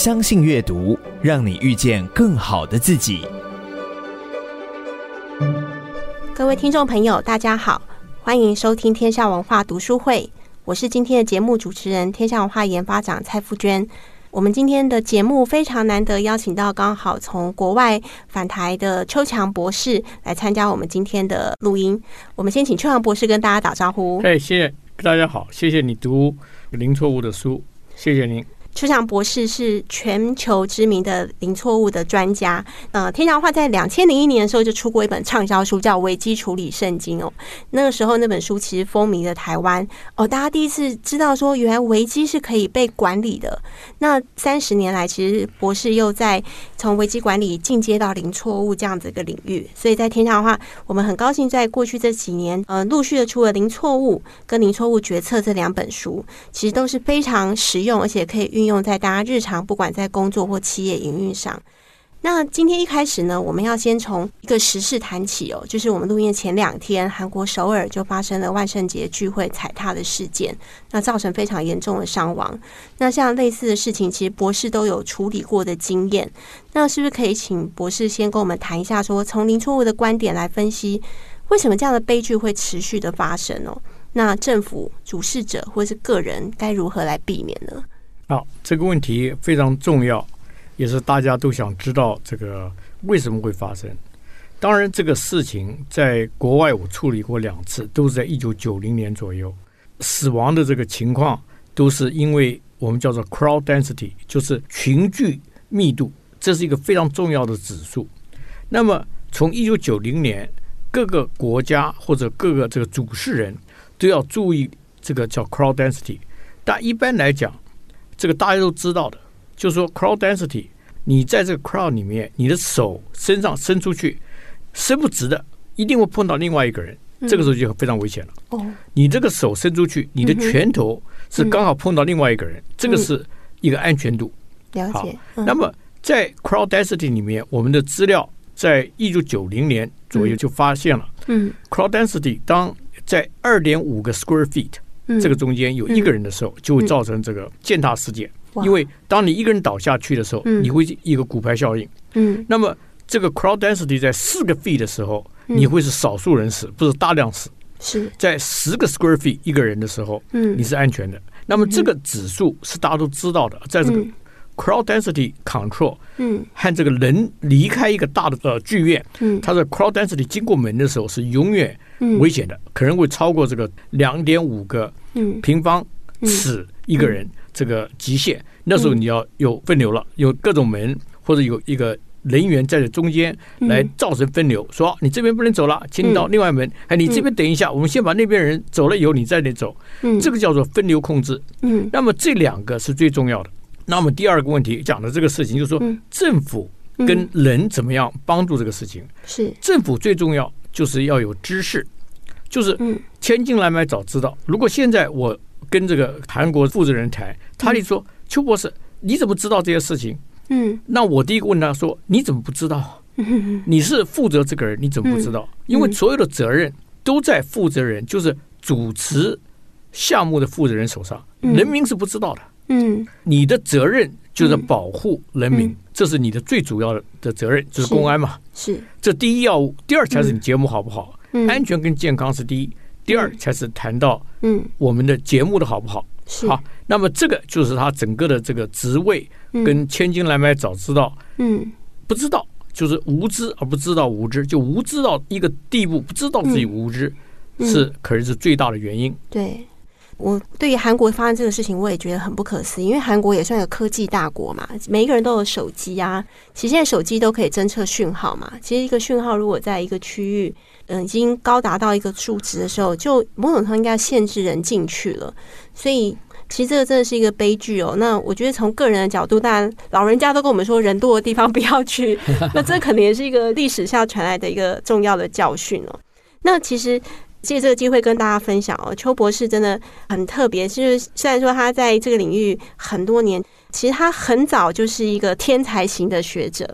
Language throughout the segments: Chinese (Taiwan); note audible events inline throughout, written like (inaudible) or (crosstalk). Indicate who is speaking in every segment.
Speaker 1: 相信閱讀，讓你遇見更好的自己。
Speaker 2: 各位聽眾朋友，大家好，歡迎收聽天下文化讀書會。我是今天的節目主持人，天下文化研發長蔡富娟。我們今天的節目非常難得，邀請到剛好從國外返台的邱強博士來參加我們今天的錄音。我們先請邱強博士跟大家打招呼。嘿
Speaker 1: ，hey，謝謝，大家好，謝謝你讀零錯誤的書，謝謝您。
Speaker 2: 邱強博士是全球知名的零錯誤的專家。呃，天下文化在二千零一年的時候就出過一本暢銷書，叫《危機處理聖經》哦、喔。那個時候那本書其實風靡了臺灣哦，大家第一次知道說，原來危機是可以被管理的。那三十年來，其實博士又在從危機管理進階到零錯誤這樣子一個領域。所以在天下文化，我們很高興在過去這幾年，呃，陸續的出了《零錯誤》跟《零錯誤決策》這兩本書，其實都是非常實用，而且可以運。用在大家日常，不管在工作或企業營運上。那今天一開始呢，我們要先從一個時事談起哦、喔，就是我們錄音前兩天，韓國首爾就發生了萬聖節聚會踩踏的事件，那造成非常嚴重的傷亡。那像類似的事情，其實博士都有處理過的經驗。那是不是可以請博士先跟我們談一下，說從零錯誤的觀點來分析，為什麼這樣的悲劇會持續的發生哦、喔？那政府主事者或是個人該如何來避免呢？
Speaker 1: 好、啊，這個問題非常重要，也是大家都想知道這個為什麼會發生。當然，這個事情在國外我處理過兩次，都是在一九九零年左右，死亡的這個情況都是因為我們叫做 crowd density，就是群聚密度，這是一個非常重要的指數。那麼，從一九九零年，各個國家或者各個這個主事人都要注意這個叫 crowd density，但一般來講。這個大家都知道的，就是說，crowd density，你在這個 crowd 裡面，你的手身上伸出去伸不直的，一定會碰到另外一個人，嗯、這個時候就非常危險
Speaker 3: 了、
Speaker 1: 哦。你這個手伸出去，你的拳頭是剛好碰到另外一個人，嗯、這個是一個安全度。嗯、了
Speaker 3: 解，好、嗯。那麼
Speaker 1: 在 crowd density 裡面，我們的資料在一九九零年左右就發現了。嗯，嗯，crowd density 當在二點五個 square feet，這個中間有一個人的時候，就會造成這個踐踏事件。因為當你一個人倒下去的時候，嗯、你會一個骨牌效應、嗯。那麼這個 crowd density 在四個 feet 的時候、嗯，你會是少數人死，不是大量死。在十個 square feet 一個人的時候、嗯、你是安全的、嗯。那麼這個指數是大家都知道的，在這個。嗯 Crowd density control，嗯，和這個人離開一個大的呃劇院，嗯，他的 crowd density 經過門的時候是永遠危險的，嗯、可能會超過這個兩點五個平方尺一個人、嗯、這個極限、嗯。那時候你要有分流了，嗯、有各種門或者有一個人員在這中間來造成分流、嗯，說你這邊不能走了，請你到另外門。哎、嗯，還你這邊等一下、嗯，我們先把那邊人走了以後，你再得走。嗯，這個叫做分流控制。嗯，那麼這兩個是最重要的。那麼第二個問題講的這個事情，就是說、嗯、政府跟人怎麼樣幫助這個事情？是、嗯、政府最重要，就是要有知識，是就是千金難買早知道、嗯。如果現在我跟這個韓國負責人談，他就說、嗯、邱博士，你怎麼知道這些事情？嗯，那我第一個問他說，你怎麼不知道？嗯、你是負責這個人，你怎麼不知道、嗯？因為所有的責任都在負責人，就是主持項目的負責人手上，嗯、人民是不知道的。嗯嗯嗯，你的責任就是保護人民，嗯嗯、這是你的最主要的的責任，就是公安嘛。是，是這第一要務，第二才是你節目好不好、嗯？安全跟健康是第一，第二才是談到我們的節目的好不好？嗯、好，那麼這個就是他整個的這個職位、嗯、跟千金難買早知道。嗯，不知道就是無知而不知道無知，就無知到一個地步，不知道自己無知，嗯嗯、是可能是最大的原因。
Speaker 2: 對。我對於韓國發生這個事情，我也覺得很不可思議，因為韓國也算一個科技大國嘛，每一個人都有手機啊。其實現在手機都可以偵測訊號嘛。其實一個訊號如果在一個區域，嗯，已經高達到一個數值的時候，就某種程度上應該限制人進去了。所以其實這個真的是一個悲劇哦、喔。那我覺得從個人的角度，當然老人家都跟我們說，人多的地方不要去。那這可能也是一個歷史上傳來的一個重要的教訓哦、喔。那其實。借這個機會跟大家分享哦，邱博士真的很特別。就是雖然說他在這個領域很多年，其實他很早就是一個天才型的學者。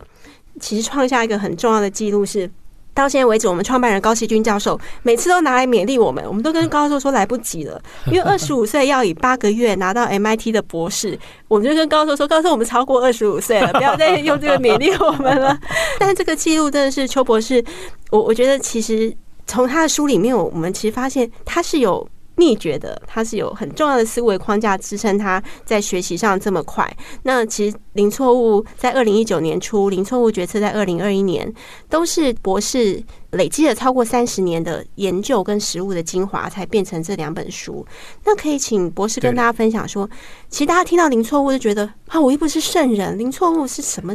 Speaker 2: 其實創下一個很重要的記錄是，到現在為止，我們創辦人高希均教授每次都拿來勉勵我們，我們都跟高教授說來不及了，因為二十五歲要以八個月拿到 MIT 的博士，我們就跟高教授說，高教授我們超過二十五歲了，不要再用這個勉勵我們了。 (laughs) 但這個記錄真的是邱博士，我我覺得其實。從他的書裡面，我們其實發現他是有秘訣的，他是有很重要的思維框架支撐他在學習上這麼快。那其實零錯誤在二零一九年初，零錯誤決策在二零二一年，都是博士累積了超過三十年的研究跟實務的精華才變成這兩本書。那可以請博士跟大家分享說，其實大家聽到零錯誤就覺得啊、哦，我又不是聖人，零錯誤是什麼？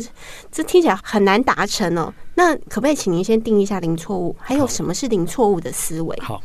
Speaker 2: 這聽起來很難達成哦。那可不可以請您先定一下零錯誤？還有什麼是零錯誤的思維？好，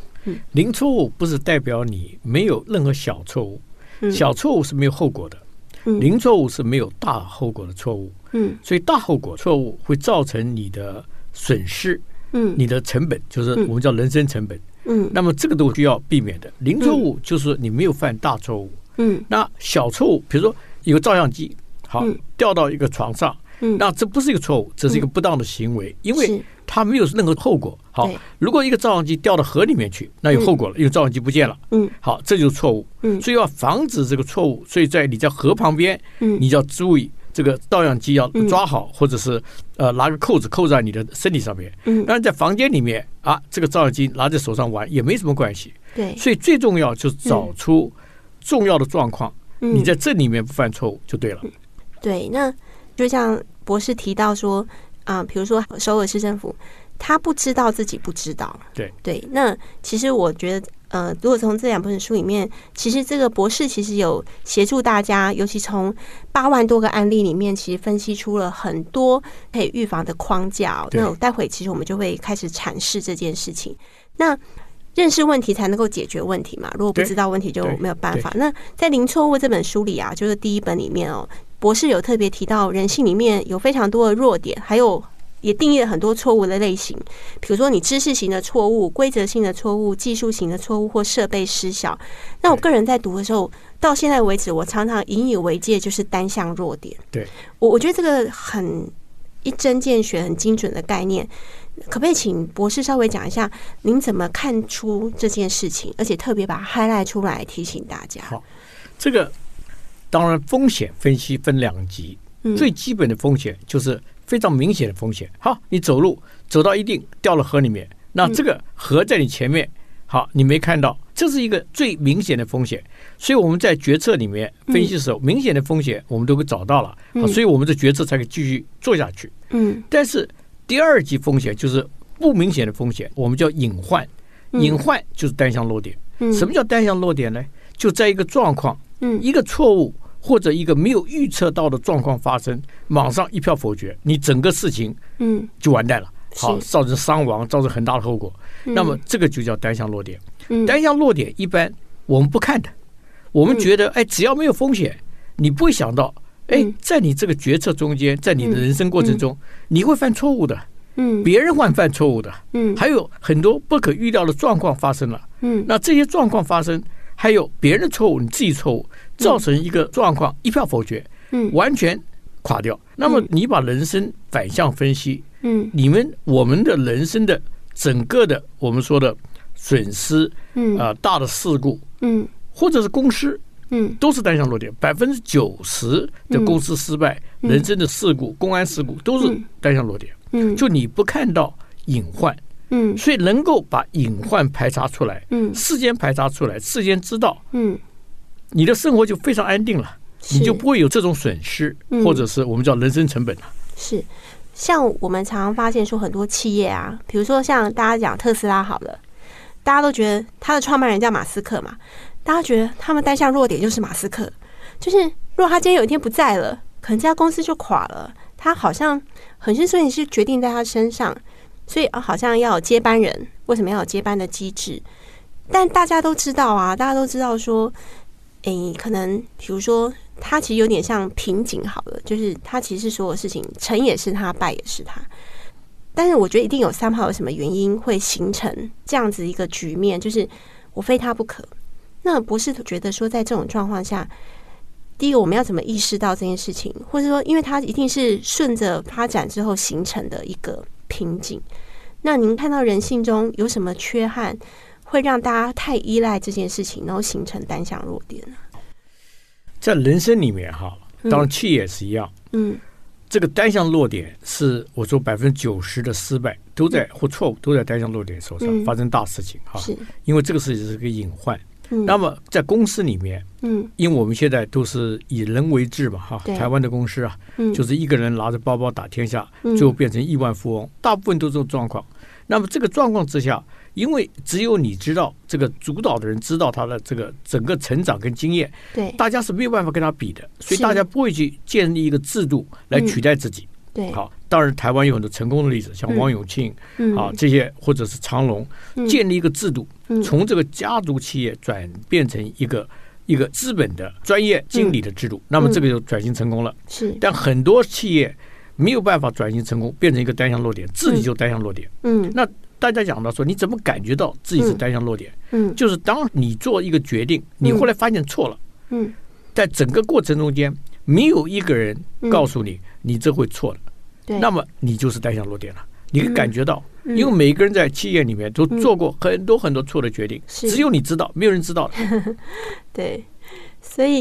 Speaker 1: 零錯誤不是代表你沒有任何小錯誤，嗯，小錯誤是沒有後果的，嗯，零錯誤是沒有大後果的錯誤。嗯，所以大後果錯誤會造成你的損失，
Speaker 3: 嗯，你
Speaker 1: 的成本就是我們叫人生成本。嗯，那麼這個都需要避免的。零錯誤就是你沒有犯大錯誤。嗯，那小錯誤，比如說一個照相機，好，嗯，掉到一個床上。嗯、那這不是一個錯誤，這是一個不當的行為，因為它沒有任何後果。好，如果一個照相機掉到河裡面去，那有後果了，嗯、因為照相機不見了。嗯，好，這就是錯誤。嗯，所以要防止這個錯誤，所以在你在河旁邊，嗯，你要注意這個照相機要抓好，嗯、或者是呃拿個扣子扣在你的身體上面。嗯，但是在房間裡面啊，這個照相機拿在手上玩也沒什麼關係。
Speaker 2: 對，
Speaker 1: 所以最重要就是找出重要的狀況、嗯，你在這裡面不犯錯誤就對了。
Speaker 2: 對，那。就像博士提到說，啊、呃，比如說首爾市政府，他不知道自己不知道。對對，那其實我覺得，呃，如果從這兩本書裡面，其實這個博士其實有協助大家，尤其從八萬多個案例裡面，其實分析出了很多可以預防的框架。那待會其實我們就會開始闡釋這件事情。那認識問題才能夠解決問題嘛，如果不知道問題就沒有辦法。那在《零錯誤》這本書裡啊，就是第一本裡面哦、喔。博士有特別提到人性裡面有非常多的弱點，還有也定義了很多錯誤的類型，比如說你知識型的錯誤、規則性的錯誤、技術型的錯誤或設備失效。那我個人在讀的時候，到現在為止，我常常引以為戒，就是單項弱點。對，我我覺得這個很一針見血、很精準的概念，可不可以請博士稍微講一下您怎麼看出這件事情，而且特別把它 highlight 出來提醒大家？好，
Speaker 1: 這個。當然，風險分析分兩級，嗯，最基本的風險就是非常明顯的風險。好，你走路走到一定，掉了河裡面，那這個河在你前面，好，你沒看到，這是一個最明顯的風險。所以我們在決策裡面分析的時候，嗯、明顯的風險我們都會找到了，好，所以我們的決策才可以繼續做下去。嗯。但是第二級風險就是不明顯的風險，我們叫隱患。
Speaker 3: 隱患
Speaker 1: 就是單項落點。嗯。什麼叫單項落點呢？就在一個狀況。嗯，一個錯誤或者一個沒有預測到的狀況發生，嗯、馬上一票否決，你整個事情嗯就完蛋了，嗯、好，造成傷亡，造成很大的後果。嗯、那麼這個就叫單項弱點、嗯。單項弱點一般我們不看的，嗯、我們覺得哎，只要沒有風險，你不會想到哎、嗯，在你這個決策中間，在你的人生過程中、嗯嗯，你會犯錯誤的。
Speaker 3: 嗯，別
Speaker 1: 人會犯錯誤的。嗯，還有很多不可預料的狀況發生了。嗯，那這些狀況發生。還有別人的錯誤，你自己錯誤，造成一個狀況，嗯、一票否決，完全垮掉、嗯。那麼你把人生反向分析，嗯，你們我們的人生的整個的我們說的損失，嗯，啊、呃，大的事故，嗯，或者是公司，嗯，都是單項弱點。百分之九十的公司失敗、嗯，人生的事故、公安事故都是單項弱點。嗯，嗯就你不看到隱患。嗯，所以能夠把隱患排查出來，嗯，事先排查出來，事先知道，
Speaker 2: 嗯，
Speaker 1: 你的生活就非常安定了，你就不會有這種損失、嗯，或者是我們叫人生成本了。
Speaker 2: 是，像我們常常發現說，很多企業啊，比如說像大家講特斯拉好了，大家都覺得他的創辦人叫馬斯克嘛，大家覺得他們單項弱點就是馬斯克，就是如果他今天有一天不在了，可能這家公司就垮了。他好像很是，所以是決定在他身上。所以啊、哦，好像要有接班人，為什麼要有接班的機制？但大家都知道啊，大家都知道說，誒、欸，可能比如說他其實有點像瓶頸，好了，就是他其實所有事情成也是他，敗也是他。但是我覺得一定有三號有什麼原因會形成這樣子一個局面，就是我非他不可。那博士覺得說，在這種狀況下，第一個我們要怎麼意識到這件事情，或者說，因為他一定是順着發展之後形成的一個。瓶頸，那您看到人性中有什麼缺憾，會讓大家太依賴這件事情，然後形成單項弱點呢？
Speaker 1: 在人生裡面，哈，當然企業也是一樣。嗯，嗯，這個單項弱點是我說百分之九十的失敗都在，嗯，或錯誤都在單項弱點手上發生大事情，嗯，哈，是，因為這個事情是個隱患。嗯、那麼在公司裡面、嗯，因為我們現在都是以人為治嘛，哈、嗯啊，台灣的公司啊、嗯，就是一個人拿着包包打天下，最後、嗯、變成億萬富翁，大部分都是這種狀況。那麼這個狀況之下，因為只有你知道這個主導的人知道他的這個整個成長跟經驗，對，大家是沒有辦法跟他比的，所以大家不會去建立一個制度來取代自己。好，當然台灣有很多成功的例子，像王永慶、嗯、啊這些，或者是長榮、嗯、建立一個制度、嗯，從這個家族企業轉變成一個、嗯、一個資本的、專業經理的制度、嗯，那麼這個就轉型成功了、嗯。是，但很多企業沒有辦法轉型成功，變成一個單項弱點，自己就單項弱點。嗯，那大家講到說，你怎麼感覺到自己是單項弱點？嗯，嗯就是當你做一個決定，你後來發現錯了。嗯，在整個過程中間。沒有一個人告訴你，嗯、你這會錯了，那麼你就是單項弱點了。嗯、你感覺到，嗯、因為每一個人在企業裡面都做過很多很多錯的決定，嗯、只有你知道，沒有人知道的
Speaker 2: (laughs) 對，所以，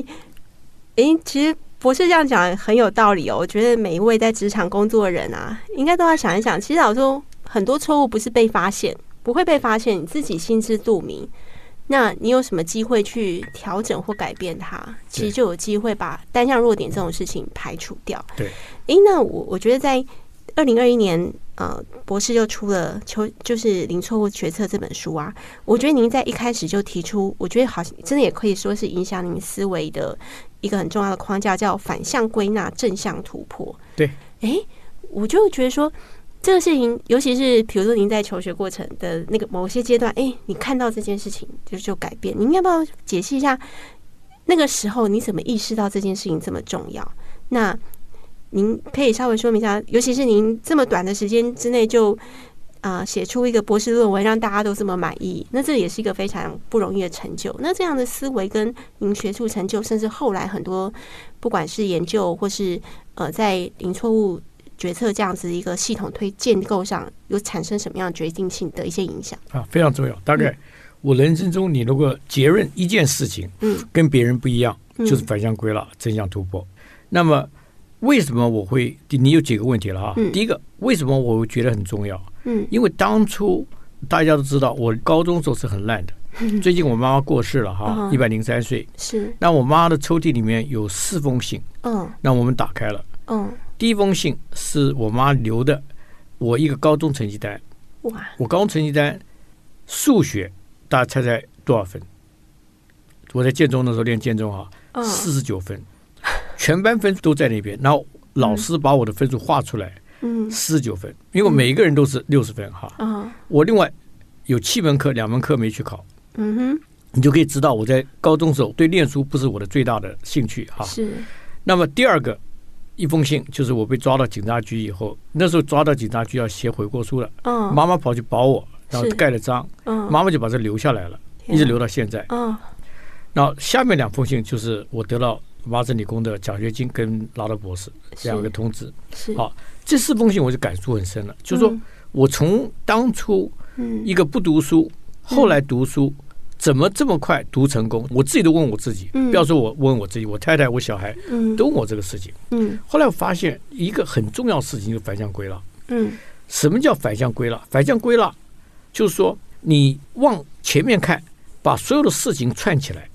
Speaker 2: 哎，其實博士這樣講很有道理哦。我覺得每一位在職場工作的人啊，應該都要想一想，其實有很多錯誤不是被發現，不會被發現，你自己心知肚明。那你有什麼機會去調整或改變它？其實就有機會把單項弱點這種事情排除掉。對，誒、欸，那我我覺得在二零二一年，呃，博士又出了求《求就是零錯誤決策》這本書啊。我覺得您在一開始就提出，我覺得好像真的也可以說是影響您思維的一個很重要的框架，叫反向歸納、正向突破。
Speaker 3: 對，
Speaker 2: 誒、欸，我就覺得說。這個事情，尤其是比如說您在求學過程的那個某些階段，哎，你看到這件事情就就改變。您要不要解析一下那個時候你怎麼意識到這件事情這麼重要？那您可以稍微說明一下，尤其是您這麼短的時間之內就啊、呃、寫出一個博士論文，讓大家都這麼滿意，那這也是一個非常不容易的成就。那這樣的思維跟您學術成就，甚至後來很多不管是研究或是呃在零錯誤，決策這樣子一個系統推建構上又產生什麼樣的決定性的一些影響
Speaker 1: 啊？非常重要。大概、嗯、我人生中，你如果結論一件事情，嗯，跟別人不一樣，嗯、就是反向歸納，正向突破。那麼，為什麼我會？你有幾個問題了啊、嗯？第一個，為什麼我會覺得很重要？嗯，因為當初大家都知道，我高中時候是很爛的、嗯。最近我媽媽過世了哈，一百零三歲。是。那我媽的抽屜裡面有四封信。嗯、哦。那我們打開了。嗯、哦。第一封信是我媽留的，我一個高中成績單。我高中成績單數學，大家猜猜多少分？我在建中的時候念建中啊，四十九分，全班分數都在那邊。然後老師把我的分數畫出來，四十九分，因為每一個人都是六十分哈、啊。我另外有七門課，兩門課沒去考。你就可以知道我在高中時候對念書不是我的最大的興趣哈。是。那麼第二個。一封信，就是我被抓到警察局以後，那時候抓到警察局要寫悔過書了、哦。媽媽跑去保我，然後蓋了章。哦、媽媽就把這留下來了，一直留到現在。哦、然後下面兩封信就是我得到麻省理工的獎學金跟拿到博士兩個通知。好，這四封信我就感觸很深了，就是說我從當初一個不讀書，嗯、後來讀書。嗯嗯怎麼這麼快讀成功？我自己都問我自己，不、嗯、要說我問我自己，我太太、我小孩、嗯、都問我這個事情、嗯嗯。後來我發現一個很重要的事情，就是反向歸納、嗯。什麼叫反向歸納？反向歸納就是說，你往前面看，把所有的事情串起來，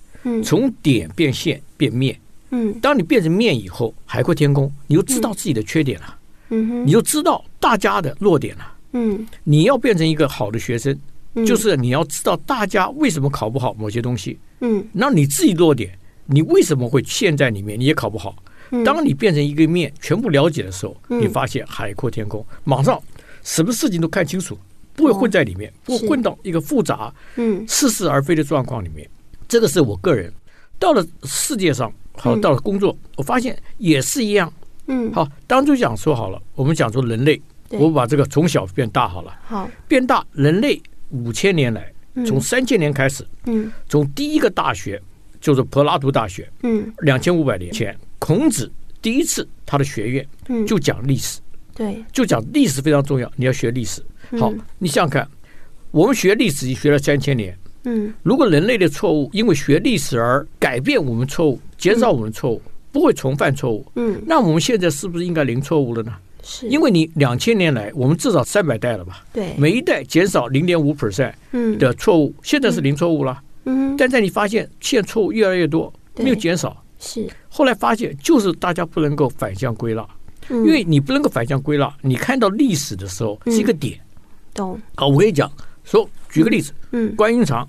Speaker 1: 從點變線變面、嗯。當你變成面以後，海闊天空，你就知道自己的缺點
Speaker 3: 了。嗯、你就
Speaker 1: 知道大家的弱點了、嗯，你就知道大家的弱點了嗯。你要變成一個好的學生。嗯、就是你要知道大家為什麼考不好某些東西，嗯，那你自己弱點，你為什麼會陷在裡面，你也考不好、嗯。當你變成一個面，全部了解的時候，嗯、你發現海闊天空，馬上什麼事情都看清楚，不會混在裡面，哦、不會混到一個複雜、嗯，似是而非的狀況裡面。這個是我個人到了世界上，好到了工作、嗯，我發現也是一樣，
Speaker 3: 嗯，好。
Speaker 1: 當初講說好了，我們講說人類，我把這個從小變大好了，好變大人類。五千年來，從三千年開始，嗯嗯、從第一個大學就是柏拉圖大學，兩千五百年前，孔子第一次他的學院就講歷史、嗯，
Speaker 3: 對，
Speaker 1: 就講歷史非常重要，你要學歷史。好，嗯、你想想看，我們學歷史也學了三千年，嗯，如果人類的錯誤因為學歷史而改變我們錯誤，減少我們錯誤，不會重犯錯誤，嗯，那我們現在是不是應該零錯誤了呢？因為你兩千年來，我們至少三百代了吧？對，每一代減少零點五 percent 的錯誤、嗯，現在是零錯誤了。嗯、但在你發現現在錯誤越來越多，沒有減少。是，後來發現就是大家不能夠反向歸納、嗯，因為你不能夠反向歸納，你看到歷史的時候是一個點。懂、嗯。啊，我跟你講說，舉個例子，嗯，關雲長，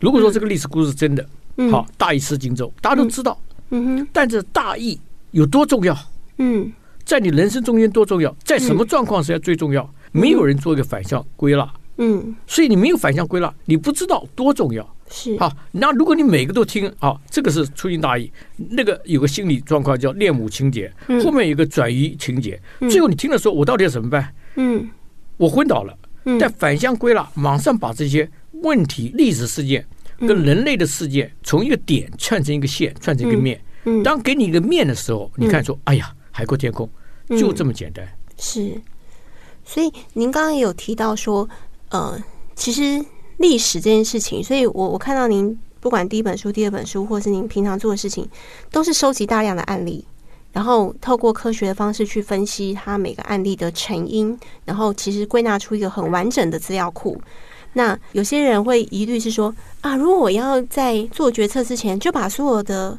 Speaker 1: 如果說這個歷史故事真的，好大意失荊州，大家都知道，嗯，但這大意有多重要？嗯。嗯在你人生中間多重要，在什麼狀況時最重要，嗯？沒有人做一個反向歸納，嗯，所以你沒有反向歸納，你不知道多重要。是啊，那如果你每個都聽啊，這個是粗心大意，那個有個心理狀況叫戀母情結，嗯，後面有個轉移情結，嗯，最後你聽了說，我到底要怎麼辦？嗯，我昏倒了。嗯，但反向歸納，馬上把這些問題歷史事件跟人類的事件從一個點串成一個線，串成一個面，嗯嗯。當給你一個面的時候，你看說，嗯，哎呀。海闊天空，
Speaker 2: 就這麼簡單。嗯，是，所以您剛剛也有提到說，呃，其實歷史這件事情，所以我我看到您不管第一本書、第二本書，或是您平常做的事情，都是收集大量的案例，然後透過科學的方式去分析它每個案例的成因，然後其實歸納出一個很完整的資料庫。那有些人會疑慮是說，啊，如果我要在做決策之前就把所有的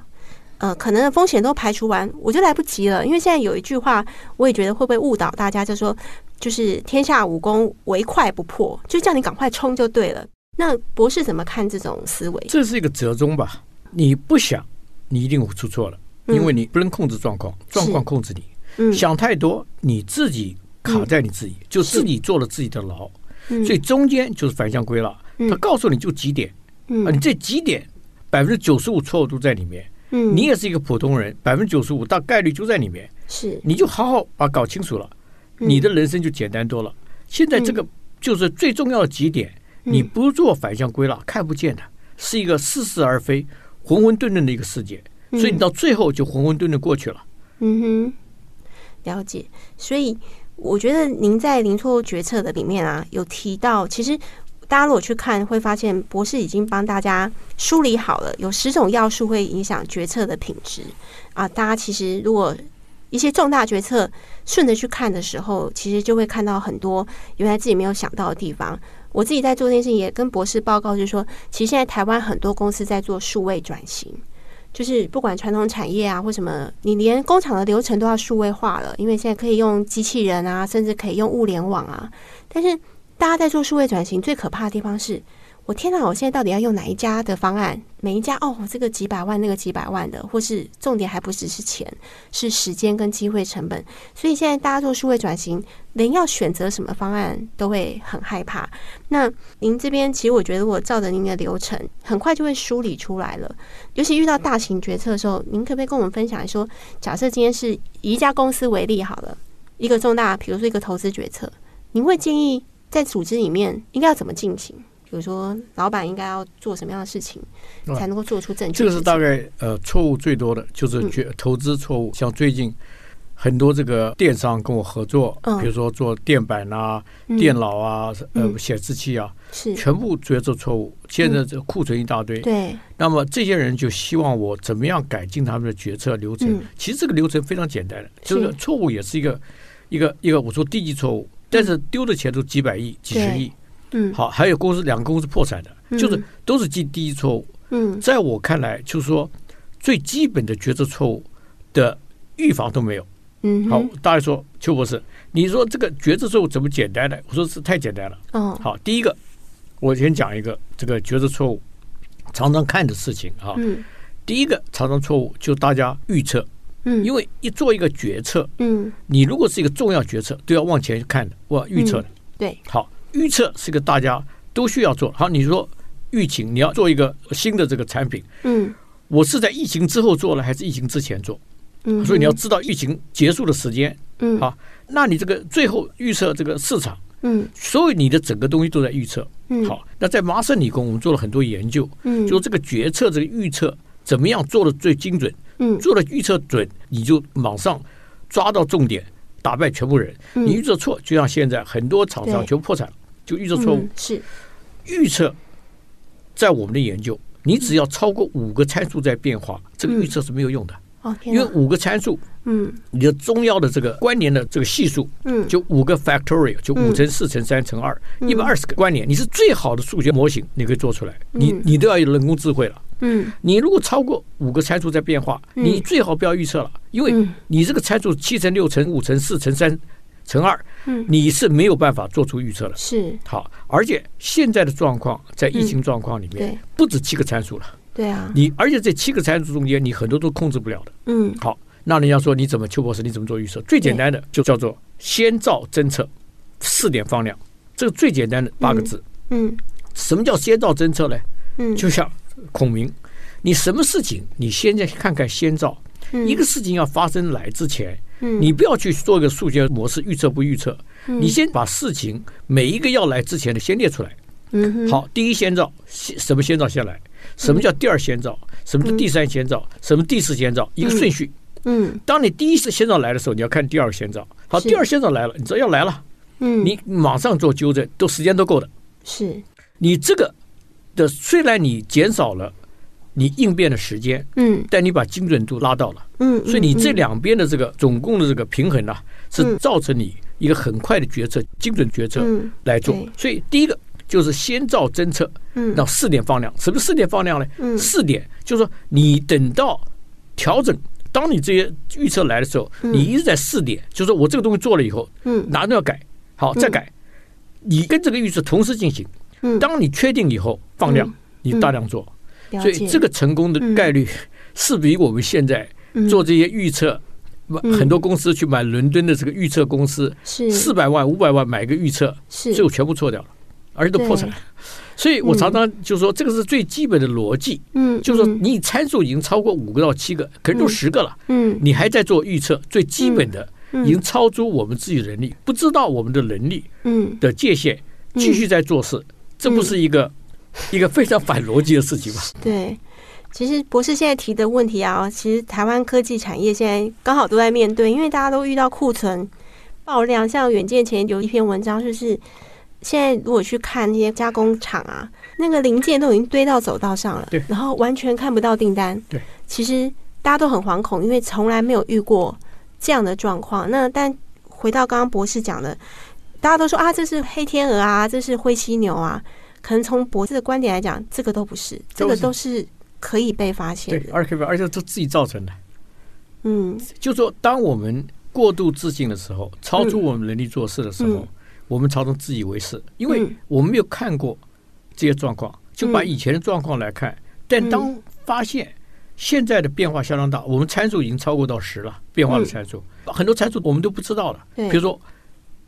Speaker 2: 呃，可能的風險都排除完，我就來不及了。因為現在有一句話，我也覺得會不會誤導大家，就說就是天下武功唯快不破，就叫你趕快衝就對了。那博士怎麼看這種思維？
Speaker 1: 這是一個折中吧？你不想，你一定會出錯了，因為你不能控制狀況，嗯、狀況控制你。想太多，你自己卡在你自己，嗯、就自己做了自己的牢。所以中間就是反向歸納，他、嗯、告訴你就幾點、嗯、啊？你這幾點百分之九十五錯誤都在裡面。嗯、你也是一個普通人，百分之九十五大概率就在裡面。是，你就好好把它搞清楚了、嗯，你的人生就簡單多了。現在這個就是最重要的幾點，嗯、你不做反向歸納、嗯，看不見的，是一個似是而非、渾渾沌沌的一個世界、嗯，所以你到最後就渾渾沌沌過去
Speaker 2: 了。嗯哼，了解。所以我覺得您在零錯誤決策的裡面啊，有提到其實。大家如果去看，會發現博士已經幫大家梳理好了，有十種要素會影響決策的品質啊！大家其實如果一些重大決策順着去看的時候，其實就會看到很多原來自己沒有想到的地方。我自己在做這件事情，也跟博士報告，就是說，其實現在台灣很多公司在做數位轉型，就是不管傳統產業啊，或什麼，你連工廠的流程都要數位化了，因為現在可以用機器人啊，甚至可以用物聯網啊，但是。大家在做數位轉型，最可怕的地方是，我天吶。我現在到底要用哪一家的方案？每一家哦，這個幾百萬，那個幾百萬的，或是重點還不只是錢，是時間跟機會成本。所以現在大家做數位轉型，連要選擇什麼方案都會很害怕。那您這邊，其實我覺得，我照着您的流程，很快就會梳理出來了。尤其遇到大型決策的時候，您可不可以跟我們分享一說，假設今天是以一家公司為例好了，一個重大，比如說一個投資決策，您會建議？在組織裡面應該要怎麼進行？比如說，老板應該要做什麼樣的事情，才能夠做出正確？這個是大
Speaker 1: 概呃，錯誤最多的，就是決投資錯誤。像最近很多這個電商跟我合作，嗯、比如說做電板吶、啊嗯、電腦啊、嗯、呃，顯示器啊，是全部決策錯誤。現在這庫存一大堆，對、嗯。那麼這些人就希望我怎麼樣改進他們的決策流程、嗯？其實這個流程非常簡單的，就是、這個錯誤也是一個是一個一個，一個我說低級錯誤。但是丟的錢都幾百億、幾十億，嗯、好，還有公司兩個公司破產的，嗯、就是都是記第一錯誤，嗯、在我看來就，就是說最基本的決策錯誤的預防都沒有，好，大家說邱博士，你說這個決策錯誤怎麼簡單呢？我說是太簡單了，好，第一個我先講一個這個決策錯誤常常看的事情啊、嗯，第一個常常錯誤就大家預測。嗯，因為一做一個決策，嗯，你如果是一個重要決策，都要往前看的，我要預測的，嗯。對，好，預測是一個大家都需要做。好，你說疫情，你要做一個新的這個產品，嗯，我是在疫情之後做了，還是疫情之前做？嗯，
Speaker 3: 所以你要知道
Speaker 1: 疫情結束的時間，嗯，好，那你這個最後預測這個市場，嗯，所有你的整個東西都在預測。嗯，好，那在麻省理工，我們做了很多研究，嗯，就這個決策，這個預測怎麼樣做的最精準？嗯，做了預測準，你就馬上抓到重點，打敗全部人。你預測錯，就像現在很多廠商全部破產了，就預測錯誤。嗯、是預測在我們的研究，你只要超過五個參數在變化，嗯、這個預測是沒有用的。
Speaker 3: 哦，因為五個參數，嗯，
Speaker 1: 你的重要的這個關聯的這個係數，嗯，就五個 factorial，就五乘四乘三乘二，嗯、一百二十個關聯，你是最好的數學模型，你可以做出來。你你都要有人工智慧了。嗯，你如果超過五個參數在變化，嗯，你最好不要預測了，因為你這個參數七乘六乘五乘四乘三乘二，嗯，你是沒有辦法做出預測了。是好，而且現在的狀況在疫情狀況裡面，不止七個參數了。嗯，
Speaker 3: 對，對啊，你
Speaker 1: 而且這七個參數中間，你很多都控制不了的。嗯，好，那你要說你怎麼邱博士，你怎麼做預測？最簡單的就叫做先兆偵測四點放量，這個最簡單的八個字。嗯，
Speaker 3: 嗯，
Speaker 1: 什麼叫先兆偵測呢？嗯，
Speaker 3: 就像。
Speaker 1: 孔明，你什麼事情？你現在看看先兆，嗯。一個事情要發生來之前，嗯，你不要去做一個數學模式預測不預測？嗯，你先把事情每一個要來之前的先列出來，嗯。好，第一先兆，什麼先兆先來？什麼叫第二先兆？嗯，什麼叫第三先兆，嗯？什麼第四先兆？嗯，一個順序，嗯嗯。當你第一次先兆來的時候，你要看第二先兆。好，第二先兆來了，你知道要來了，嗯。你馬上做糾正，都時間都夠的。是你這個。的雖然你減少了你應變的時間，嗯，但你把精準度拉到了，
Speaker 3: 嗯，所以你這兩
Speaker 1: 邊的這個總共的這個平衡呢、啊嗯，是造成你一個很快的決策、嗯、精準決策來做、嗯。所以第一個就是先造偵測，嗯，讓四點放量。什麼四點放量呢？嗯、四點就是說你等到調整，當你這些預測來的時候、嗯，你一直在四點，就是我這個東西做了以後，嗯，哪都要改，好再改、嗯，你跟這個預測同時進行，嗯，當你確定以後。放量，你大量做、嗯嗯，
Speaker 3: 所以這個
Speaker 1: 成功的概率是比我們現在做這些預測，嗯、很多公司去買倫敦的這個預測公司，四、嗯、百萬五百萬買一個預測，是最後全部錯掉了，而且都破產了。所以我常常就說、嗯，這個是最基本的邏輯，嗯，就是說你參數已經超過五個到七個，可能都十個了，嗯，你還在做預測，最基本的，已經超出我們自己能力、嗯，不知道我們的能力，嗯，的界限、嗯，繼續在做事，嗯、這不是一個。一個非常反邏輯的事情吧。
Speaker 2: 對，其實博士現在提的問題啊，其實台灣科技產業現在剛好都在面對，因為大家都遇到庫存爆量。像遠見前有一篇文章，就是現在如果去看那些加工廠啊，那個零件都已經堆到走道上了，對，然後完全看不到訂單，對。其實大家都很惶恐，因為從來沒有遇過這樣的狀況。那但回到剛剛博士講的，大家都說啊，這是黑天鵝啊，這是灰犀牛啊。可能從博士的觀點來講，這個都不是，這個都是可以被發現
Speaker 1: 的。對，而且而且是自己造成的。嗯，
Speaker 2: 就說
Speaker 1: 當我們過度自信的時候，超、嗯、出我們能力做事的時候，嗯、我們常常自以為是，因為我們沒有看過這些狀況，嗯、就把以前的狀況來看、嗯。但當發現現在的變化相當大，我們參數已經超過到十了，變化的參數、嗯、很多參數我們都不知道了。比如說，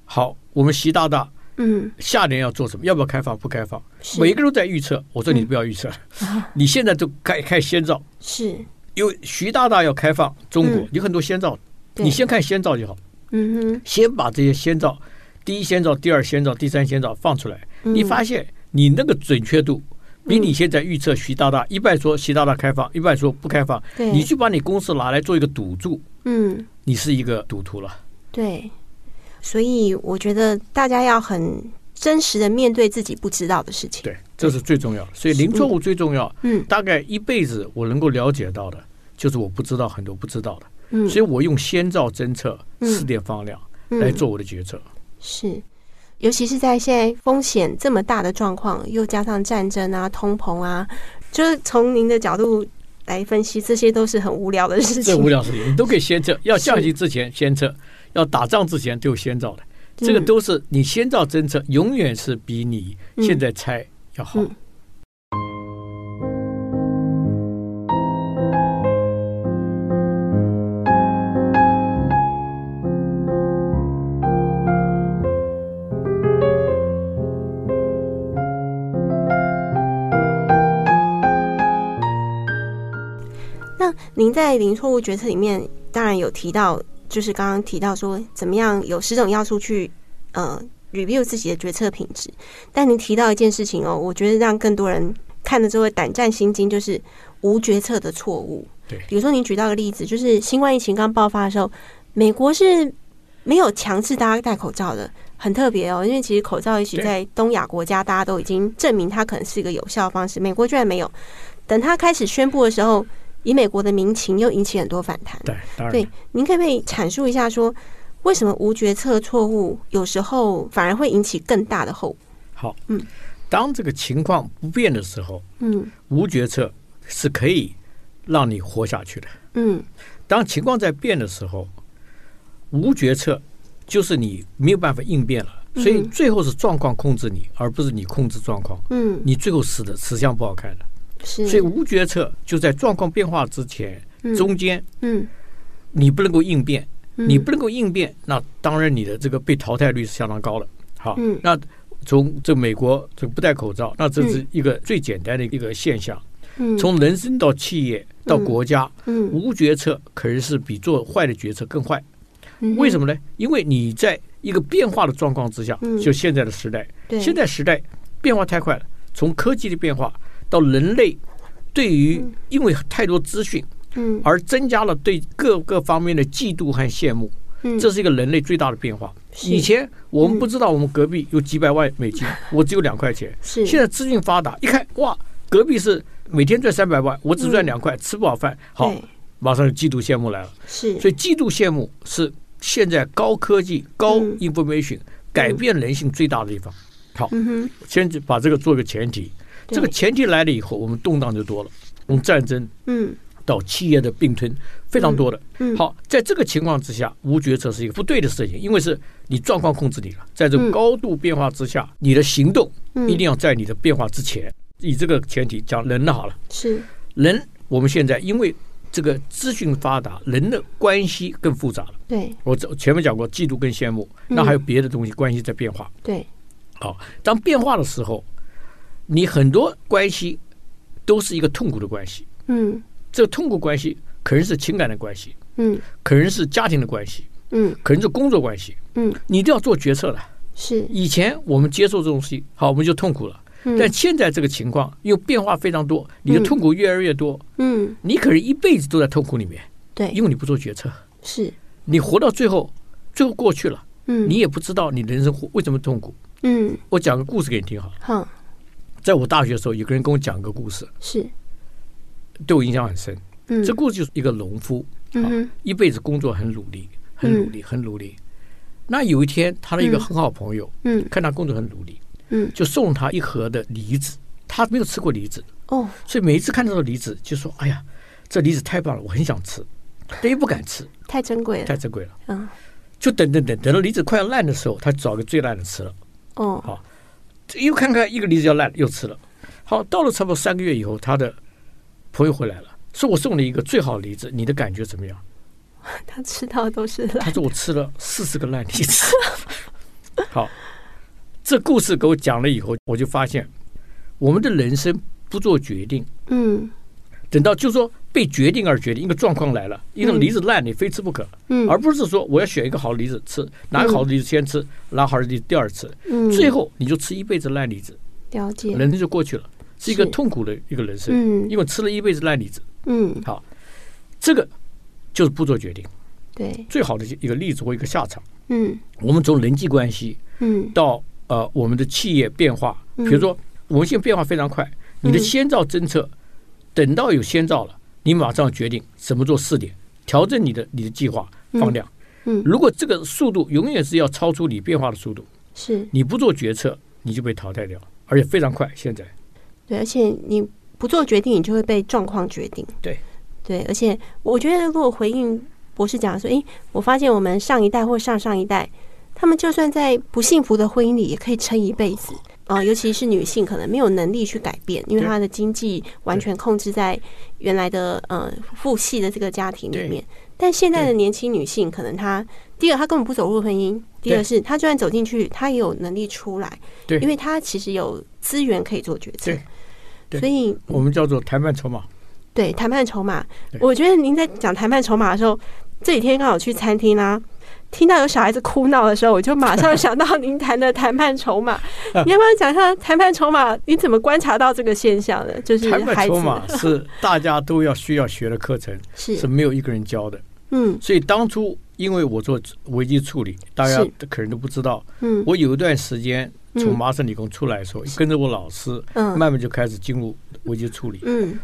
Speaker 1: 好，我們習大大。嗯，下年要做什麼？要不要開放？不開放？每一個人都在預測。我說你不要預測、嗯啊，你現在就開開先兆。是，因為習大大要開放中國，有、嗯、很多先兆，你先看先兆就好。嗯，先把這些先兆，第一先兆，第二先兆，第三先兆放出來。嗯、你發現你那個準確度，比你現在預測習大大，一半說習大大開放，一半說不開放。你去把你公司拿來做一個賭注。嗯，你是一個賭徒了。
Speaker 2: 對。所以我覺得大家要很真實的面對自己不知道的事情，對，對
Speaker 1: 這是最重要的，所以零錯誤最重要。嗯，大概一輩子我能夠了解到的、嗯，就是我不知道很多不知道的。嗯，所以我用先兆偵測、試點放量、嗯、來做我的決策、嗯嗯。
Speaker 2: 是，尤其是在現在風險這麼大的狀況，又加上戰爭啊、通膨啊，就是從您的角度來分析，這些都是很無聊的事情。這無聊
Speaker 1: 的事情你都可以先測， (laughs) 要下棋之前先測。要打仗之前都有先兆的，嗯，這個都是你先兆政策，永遠是比你現在猜要好。嗯嗯，
Speaker 2: 那您在零錯誤決策裡面，當然有提到。就是剛剛提到說，怎麼樣有十種要素，去呃 review 自己的決策品質。但您提到一件事情哦，我覺得讓更多人看了之後，膽戰心驚，就是無決策的錯誤。對，比如說您舉到的例子，就是新冠疫情剛爆發的時候，美國是沒有強制大家戴口罩的，很特別哦。因為其實口罩也許在東亞國家大家都已經證明它可能是一個有效的方式，美國居然沒有。等他開始宣布的時候。以美國的民情又引起很多反彈，
Speaker 3: 對，對，當
Speaker 2: 然您可不可以闡述一下說，為什麼無決策錯誤有時候反而會引起更大的後果？
Speaker 1: 好，嗯，當這個情況不變的時候，
Speaker 2: 嗯，
Speaker 1: 無決策是可以讓你活下去的，嗯，當情況在變的時候，無決策就是你沒有辦法應變了，所以最後是狀況控制你，嗯，而不是你控制狀況，嗯，你最後死的死相不好看的。所以無決策就在狀況變化之前中間，你不能夠應變，你不能夠應變，那當然你的這個被淘汰率是相當高的。好，那從這美國這個不戴口罩，那這是一個最簡單的一個現象。從人生到企業到國家，無決策可是，是比做壞的決策更壞。
Speaker 3: 為什麼呢？
Speaker 1: 因為你在一個變化的狀況之下，就現在的時代，現在時代變化太快了，從科技的變化。到人類對於因為太多資訊，而增加了對各個方面的嫉妒和羨慕，這是一個人類最大的變化。以前我們不知道，我們隔壁有幾百萬美金，我只有兩塊錢。現在資訊發達，一看哇，隔壁是每天賺三百萬，我只賺兩塊，吃不飽飯，好，馬上就嫉妒羨慕來了。所以嫉妒羨慕是現在高科技高 information 改變人性最大的地方。好，先把這個做個前提。這個前提來了以後，我們動盪就多了，從戰爭到企業的併吞，
Speaker 3: 非常多的、嗯
Speaker 1: 嗯。好，在這個情況之下，無決策是一個不對的事情，因為是你狀況控制你了，在這種高度變化之下、嗯，你的行動一定要在你的變化之前。嗯、以這個前提講人的好了，是人我們現在因為這個資訊發達，人的關係更複雜了。對，我前面講過嫉妒跟羨慕，那還有別的東西關係在變化。
Speaker 2: 對、
Speaker 1: 嗯，好，當變化的時候。你很多關係都是一個痛苦的關係，嗯，這個痛苦關係可能是情感的關係，嗯，可能是家庭的關係，嗯，可能是工作關係，嗯，你一定要做決策了，是。以前我們接受這種東西，好，我們就痛苦了，嗯，但現在這個情況又變化非常多，你的痛苦越來越多，嗯。你可能一輩子都在痛苦裡面，對，嗯，因為你不做決策，是。你活到最後，最後過去了，嗯，你也不知道你的人生為什麼痛苦，嗯。我講個故事給你聽好了，好。好。在我大學的時候，有個人跟我講一個故事，是對我印象很深。嗯。這故事就是一個農夫，嗯、啊，一輩子工作很努力，很努力、嗯，很努力。那有一天，他的一個很好朋友，嗯，看他工作很努力，嗯，就送他一盒的梨子。他沒有吃過梨子，哦，所以每一次看到梨子，就說：“哎呀，這梨子太棒了，我很想吃，但又不敢吃，
Speaker 2: 太珍貴了，太
Speaker 1: 珍貴了。啊”就等等等等到梨子快要爛的時候，他找個最爛的吃了。哦，
Speaker 2: 好、
Speaker 1: 啊。又看看一個梨子要爛了，又吃了。好，到了差不多三個月以後，他的朋友回來了，說我送你一個最好的梨子，你的感覺怎麼樣？
Speaker 2: 他吃到的都是爛。
Speaker 1: 他說我吃了四十個爛梨子。 (laughs) 好，這故事給我講了以後，我就發現我們的人生不做決定，
Speaker 3: 嗯，
Speaker 1: 等到就說。被決定而決定，一個狀況來了，一種梨子爛，你非吃不可、嗯嗯，而不是說我要選一個好的梨子吃，哪個好的梨子先吃，哪個好的梨子第二次、嗯，最後你就吃一輩子爛梨子。
Speaker 2: 了解，人生
Speaker 1: 就過去了，是一個痛苦的一個人生、嗯，因為吃了一輩子爛梨子。
Speaker 2: 嗯，
Speaker 1: 好，這個就是不做決定。
Speaker 2: 對，
Speaker 1: 最好的一個例子或一個下場。嗯，我們從人際關係，嗯，到呃我們的企業變化，比如說我們現在變化非常快，嗯、你的先兆政策等到有先兆了。你馬上決定怎麼做試點，調整你的你的計劃，放量嗯。嗯，如果這個速度永遠是要超出你變化的速度，是，你不做決策，你就被淘汰掉，而且非常快。現在，
Speaker 2: 對，而且你不做決定，你就會被狀況決定。對，對，而且我覺得，如果回應博士講說，誒，我發現我們上一代或上上一代，他們就算在不幸福的婚姻裡，也可以撐一輩子。啊、呃，尤其是女性可能沒有能力去改變，因為她的經濟完全控制在原來的呃父系的這個家庭裡面。但現在的年輕女性，可能她，第二她根本不走入婚姻，第二是她就算走進去，她也有能力出來，對，因為她其實有資源可以做決策，對對。所以，我們
Speaker 1: 叫做談判籌碼。
Speaker 2: 對，談判籌碼。我覺得您在講談判籌碼的時候，這幾天剛好去餐廳啦、啊。聽到有小孩子哭鬧的時候，我就馬上想到您談的談判籌碼。 (laughs) 你要不要講一下談判籌碼？你怎麼觀察到這個現象呢？就是談判籌碼是
Speaker 1: 大家都要需要學的課程， (laughs) 是沒有一個人教的。嗯，所以當初因為我做危機處理，大家可能都不知道。嗯，我有一段時間從麻省理工出來的時候，嗯，跟着我老師，慢慢就開始進入危機處理。嗯。嗯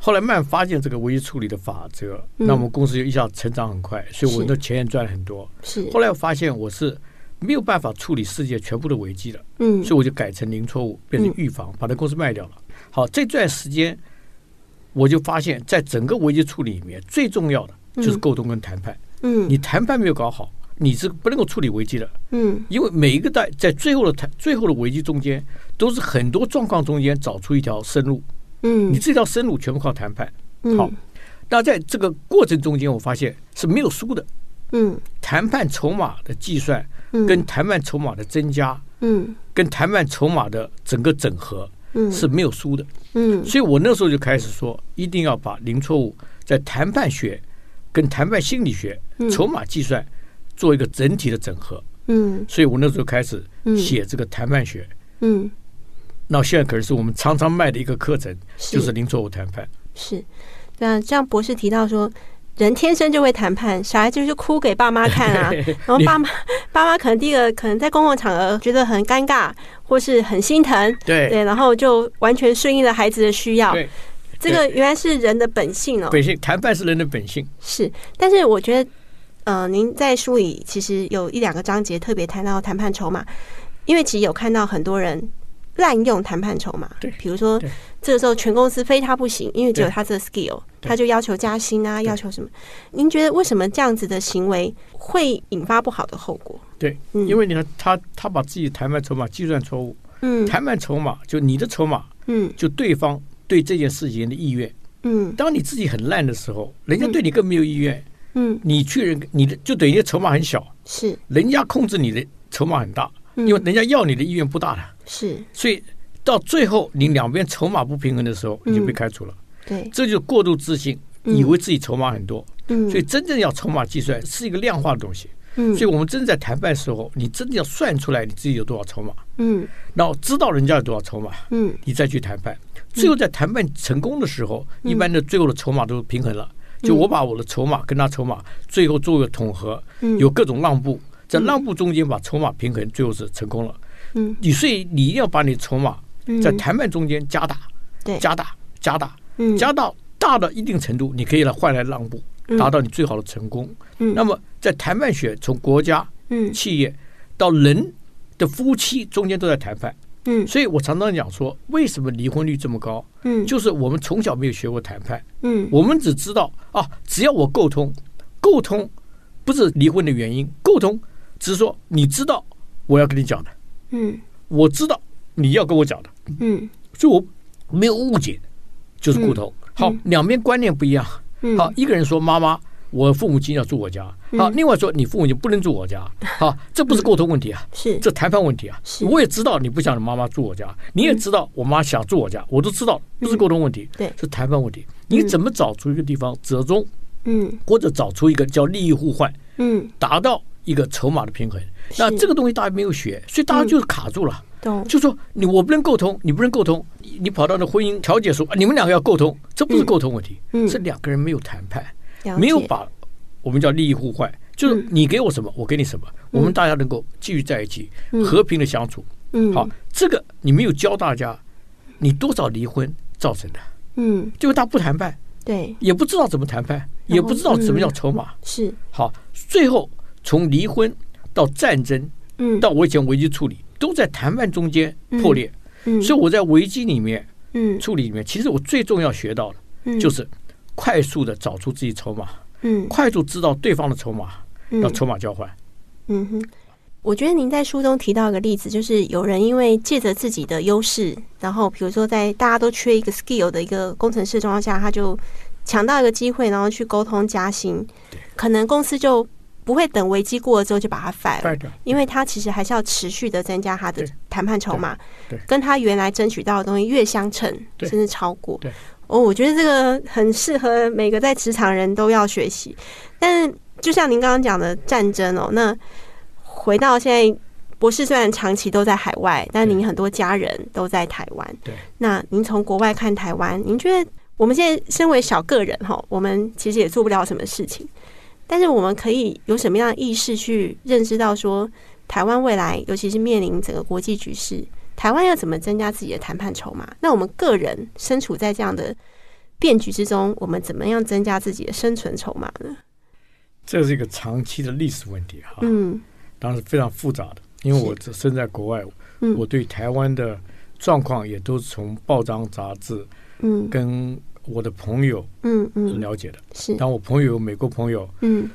Speaker 1: 後來慢慢發現這個危機處理的法則、嗯，那我們公司就一下成長很快，所以我的錢也賺了很多。是，後來我發現我是沒有辦法處理世界全部的危機的，嗯、所以我就改成零錯誤，變成預防、嗯，把那公司賣掉了。好，這段時間我就發現，在整個危機處理裡面，最重要的就是溝通跟談判、嗯嗯。你談判沒有搞好，你是不能夠處理危機的、
Speaker 3: 嗯。
Speaker 1: 因為每一個在在最後的最後的危機中間，都是很多狀況中間找出一條生路。嗯、你這條生路全部靠談判。好、嗯，那在這個過程中間，我發現是沒有輸的。嗯，談判籌碼的計算，跟談判籌碼的增加，嗯，跟談判籌碼的整個整合，是沒有輸的。嗯。嗯，所以我那時候就開始說，一定要把零錯誤在談判學跟談判心理學籌碼計算做一個整體的整合。嗯，嗯，所以我那時候開始寫這個談判學。嗯。嗯那現在可是我們常常賣的一個課程，就是零錯誤談判。
Speaker 2: 是，那像博士提到說，人天生就會談判，小孩就是哭給爸媽看啊， (laughs) 然後爸媽爸媽可能第一個可能在公共場合覺得很尷尬，或是很心疼，對對，然後就完全順應了孩子的需要。這個原來是人的本性哦、喔，本性
Speaker 1: 談判是人的本性。
Speaker 2: 是，但是我覺得，呃，您在書裡其實有一兩個章節特別談到談判籌碼，因為其實有看到很多人。濫用談判籌碼，比如說這個時候全公司非他不行，因為只有他這個 skill，他就要求加薪啊，要求什麼？您覺得為什麼這樣子的行為會引發不好的後果？
Speaker 1: 對，因為你看他，他把自己談判籌碼計算錯誤。嗯，談判籌碼就你的籌碼，嗯，就對方對這件事情的意願，嗯，當你自己很爛的時候，人家對你更沒有意願，嗯，嗯，你確認你的就等於籌碼很小，是人家控制你的籌碼很大。因為人家要你的意願不大了，是，所以到最後你兩邊籌碼不平衡的時候，你就被開除了，嗯。對，這就是過度自信，嗯，以為自己籌碼很多。嗯，所以真正要籌碼計算是一個量化的東西。嗯，所以我們真正在談判的時候，你真的要算出來你自己有多少籌碼。嗯，然後知道人家有多少籌碼。嗯，你再去談判，最後在談判成功的時候，嗯，一般的最後的籌碼都平衡了。就我把我的籌碼跟他籌碼最後做個統合，有各種讓步。在讓步中間把籌碼平衡，最後是成功了。嗯，你所以你一定要把你籌碼在談判中間加大、嗯，加大、嗯，加大、嗯，加到大到一定程度，你可以來換來讓步、嗯，達到你最好的成功。嗯，那麼在談判學，從國家、嗯，企業到人的夫妻中間都在談判。嗯，所以我常常講說，為什麼離婚率這麼高？嗯，就是我們從小沒有學過談判。嗯，我們只知道啊，只要我溝通，溝通不是離婚的原因，溝通。只是說，你知道我要跟你講的，嗯，我知道你要跟我講的，嗯，所以我沒有誤解，就是溝通。嗯、好、嗯，兩邊觀念不一樣、嗯，好，一個人說媽媽，我父母親要住我家、嗯，好，另外說你父母親不能住我家，好，這不是溝通問題啊，是、嗯、這談判問題啊是，我也知道你不想你媽媽住我家、嗯，你也知道我媽想住我家，我都知道，不是溝通問題，對、嗯，是談判問題、嗯，你怎麼找出一個地方折中，嗯，或者找出一個叫利益互換，嗯，達到。一個籌碼的平衡，那這個東西大家沒有學，所以大家就是卡住了、嗯。就說你我不能溝通，你不能溝通你，你跑到那婚姻調解所啊，你們兩個要溝通，這不是溝通問題，是、嗯、兩個人沒有談判、嗯，沒有把我們叫利益互換、嗯，就是你給我什麼，我給你什麼，嗯、我們大家能夠繼續在一起，和平的相處。嗯，好，這個你沒有教大家，你多少離婚造成的？嗯，就是他不談判，對，也不知道怎麼談判，也不知道什麼叫籌碼、嗯，是好，最後。從離婚到戰爭，到我以前危機處理，嗯，都在談判中間破裂，嗯嗯。所以我在危機裡面，嗯，處理裡面，其實我最重要學到的，就是快速的找出自己籌碼，嗯，快速知道對方的籌碼，要籌碼交換。嗯，
Speaker 2: 嗯哼。我覺得您在書中提到一個例子，就是有人因為借着自己的優勢，然後比如說在大家都缺一個 skill 的一個工程師的狀況下，他就搶到一個機會，然後去溝通加薪，可能公司就。不會等危機過了之後就把它廢了，Five. 因為它其實還是要持續的增加它的談判籌碼，跟他原來爭取到的東西越相稱，甚至超過。對，對，哦，我覺得這個很適合每個在職場的人都要學習。但就像您剛剛講的戰爭哦，那回到現在，博士雖然長期都在海外，但您很多家人都在台灣。對，對。那您從國外看台灣，您覺得我們現在身為小個人哈、哦，我們其實也做不了什麼事情。但是我們可以有什麼樣的意識去認知到說，台灣未來尤其是面臨整個國際局勢，台灣要怎麼增加自己的談判籌碼？那我們個人身處在這樣的變局之中，我們怎麼樣增加自己的生存籌碼呢？
Speaker 1: 這是一個長期的歷史問題哈，嗯，當然是非常複雜的。因為我身在國外，嗯，我對台灣的狀況也都是從報章雜誌，嗯，跟我的朋友嗯嗯是了解的、嗯嗯，是，但我朋友美國朋友嗯，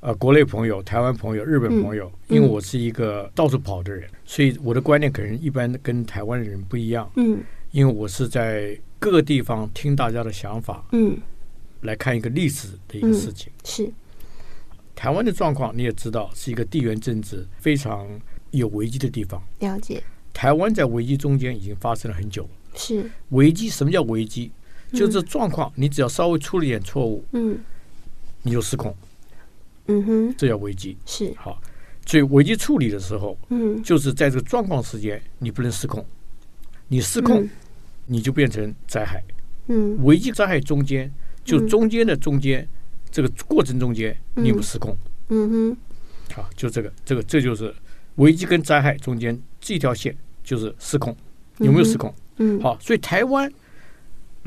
Speaker 1: 呃，國內朋友、台灣朋友、日本朋友、嗯，因為我是一個到處跑的人，嗯、所以我的觀念可能一般跟台灣人不一樣，嗯，因為我是在各個地方聽大家的想法，嗯，來看一個歷史的一個事情、嗯、是，台灣的狀況你也知道是一個地緣政治非常有危機的地方。了解，台灣在危機中間已經發生了很久。是危機，什麼叫危機？就這狀況，你只要稍微出了一點錯誤、嗯，你就失控、嗯，這叫危機。是好，所以危機處理的時候，嗯、就是在這個狀況時間，你不能失控。你失控，嗯、你就變成災害、嗯。危機災害中間，就中間的中間，嗯、這個過程中間，你有失控、嗯，好，就這個，這個，這就是危機跟災害中間這條線，就是失控，有沒有失控？嗯、好，所以台灣。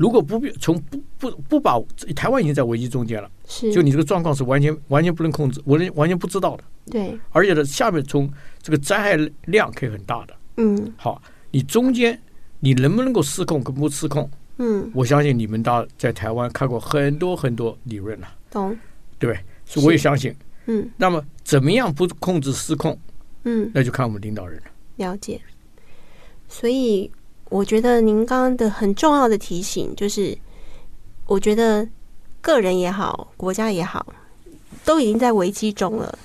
Speaker 1: 如果不必從不不不把台灣已經在危機中間了，是就你這個狀況是完全完全不能控制，完全完全不知道的，對，而且呢，下面從這個災害量可以很大的，嗯，好，你中間你能不能夠失控，跟不失控，
Speaker 3: 嗯，
Speaker 1: 我相信你們大在台灣看過很多很多理論了，懂，對不對？所以我也相信，嗯，那麼怎麼樣不控制失控，
Speaker 2: 嗯，
Speaker 1: 那就看我們領導人了，嗯，
Speaker 2: 嗯，嗯，了解，所以。我覺得您剛剛的很重要的提醒就是，我覺得個人也好，國家也好，都已經在危機中了。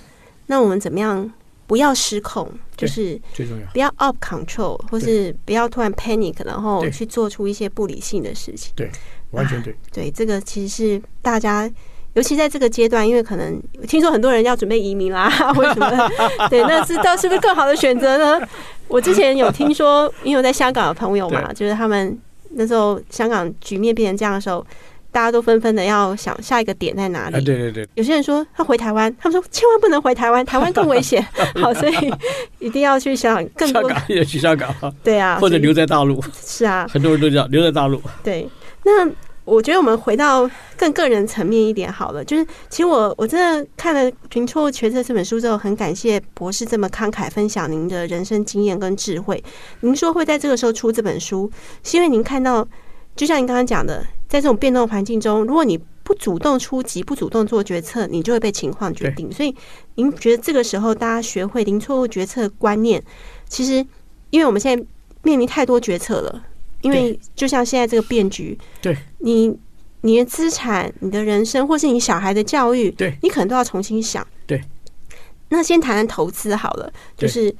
Speaker 2: 那我們怎麼樣不要失控？就是最重要，不要 out control，或是不要突然 panic，然後去做出一些不理性的事情，啊。對，完全對。對，這個其實是大家。.尤其在這個階段，因為可能我聽說很多人要準備移民啦，為什麼？對，那是倒是不是更好的選擇呢？我之前有聽說，因為我在香港的朋友嘛，就是他們那時候香港局面變成這樣的時候，大家都紛紛的要想下一個點在哪裡。對對對。有些人說他回台灣，他們說千萬不能回台灣，台灣更危險。 (laughs) 好，所以一定要去想更
Speaker 1: 多。去香，香港？
Speaker 2: 對啊。或者留在大陸？是啊。很
Speaker 1: 多人都知道留在大陸。
Speaker 2: 對，那。我覺得我們回到更個人層面一點好了。就是，其實我我真的看了《零錯誤決策》這本書之後，很感謝博士這麼慷慨，分享您的人生經驗跟智慧。您說會在這個時候出這本書，是因為您看到，就像您剛剛講的，在這種變動環境中，如果你不主動出擊，不主動做決策，你就會被情況決定。所以，您覺得這個時候大家學會零錯誤決策觀念，其實，因為我們現在面臨太多決策了。因為就像現在這個變局，
Speaker 3: 對，
Speaker 2: 你你的資產、你的人生，或是你小孩的教育，對，你可能都要重新想。對，那先談談投資好了，就是，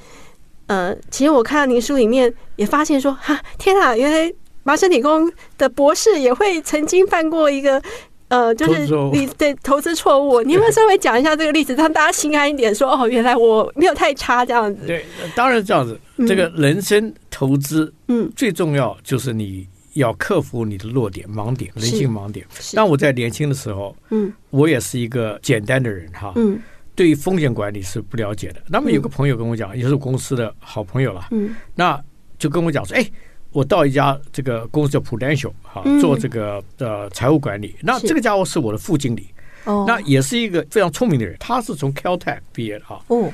Speaker 2: 呃，其實我看到您書裡面也發現說，哈、啊，天啊，原來麻省理工的博士也會曾經犯過一個，呃，就是你的投資錯誤。你有沒有稍微講一下這個例子，讓大家心安一點？說哦，原來我沒有太差這樣子。對，
Speaker 1: 當然這樣子。這個人生投資，嗯，最重要就是你要克服你的弱點、嗯、盲點、人性盲點。那我在年輕的時候，嗯，我也是一個簡單的人哈，嗯，對於風險管理是不了解的。那麼有個朋友跟我講，嗯、也是公司的好朋友了，嗯，那就跟我講說，哎，我到一家這個公司叫 Prudential 哈、嗯，做這個呃財務管理。那這個家伙是我的副經理，哦，那也是一個非常聰明的人，他是從 Caltech 畢業的哈，哦，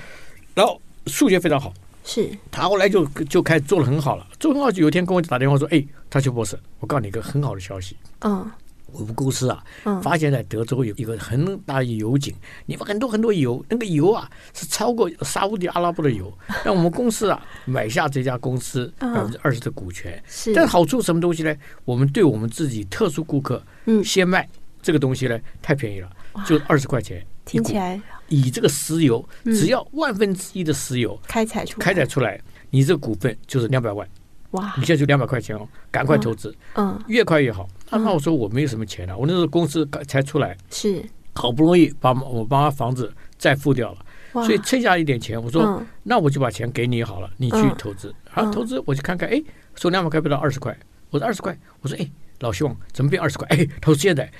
Speaker 1: 然後數學非常好。是，他後來就就開始做得很好了。做得很好，有一天跟我打電話說：“哎、欸，邱博士，我告訴你一個很好的消息。嗯，我們公司啊、嗯，發現在德州有一個很大的油井，裡面很多很多油，那個油啊是超過沙烏地阿拉伯的油。讓我們公司啊 (laughs) 買下這家公司百分之二十的股權、嗯。是，但好處什麼東西呢？我們對我們自己特殊顧客，嗯，先賣這個東西呢，太便宜了，嗯、就二十塊錢。聽起來。”
Speaker 3: 你這
Speaker 1: 個石油，只要萬分之一的石油開採出、嗯、開採出來，你這個股份就是兩百萬。
Speaker 3: 哇！你
Speaker 1: 現在就兩百塊錢哦，趕快投資，嗯，越快越好。那、嗯啊、我說我沒有什麼錢了、啊，我那時候公司剛才出來，是好不容易把我把房子再付掉了，所以剩下一點錢，我說、嗯、那我就把錢給你好了，你去投資。啊、嗯，然後投資，我去看看、嗯，哎，說兩百塊不到二十塊，我說二十塊，我說，我說哎，老兄怎麼變二十塊？哎，投資現在。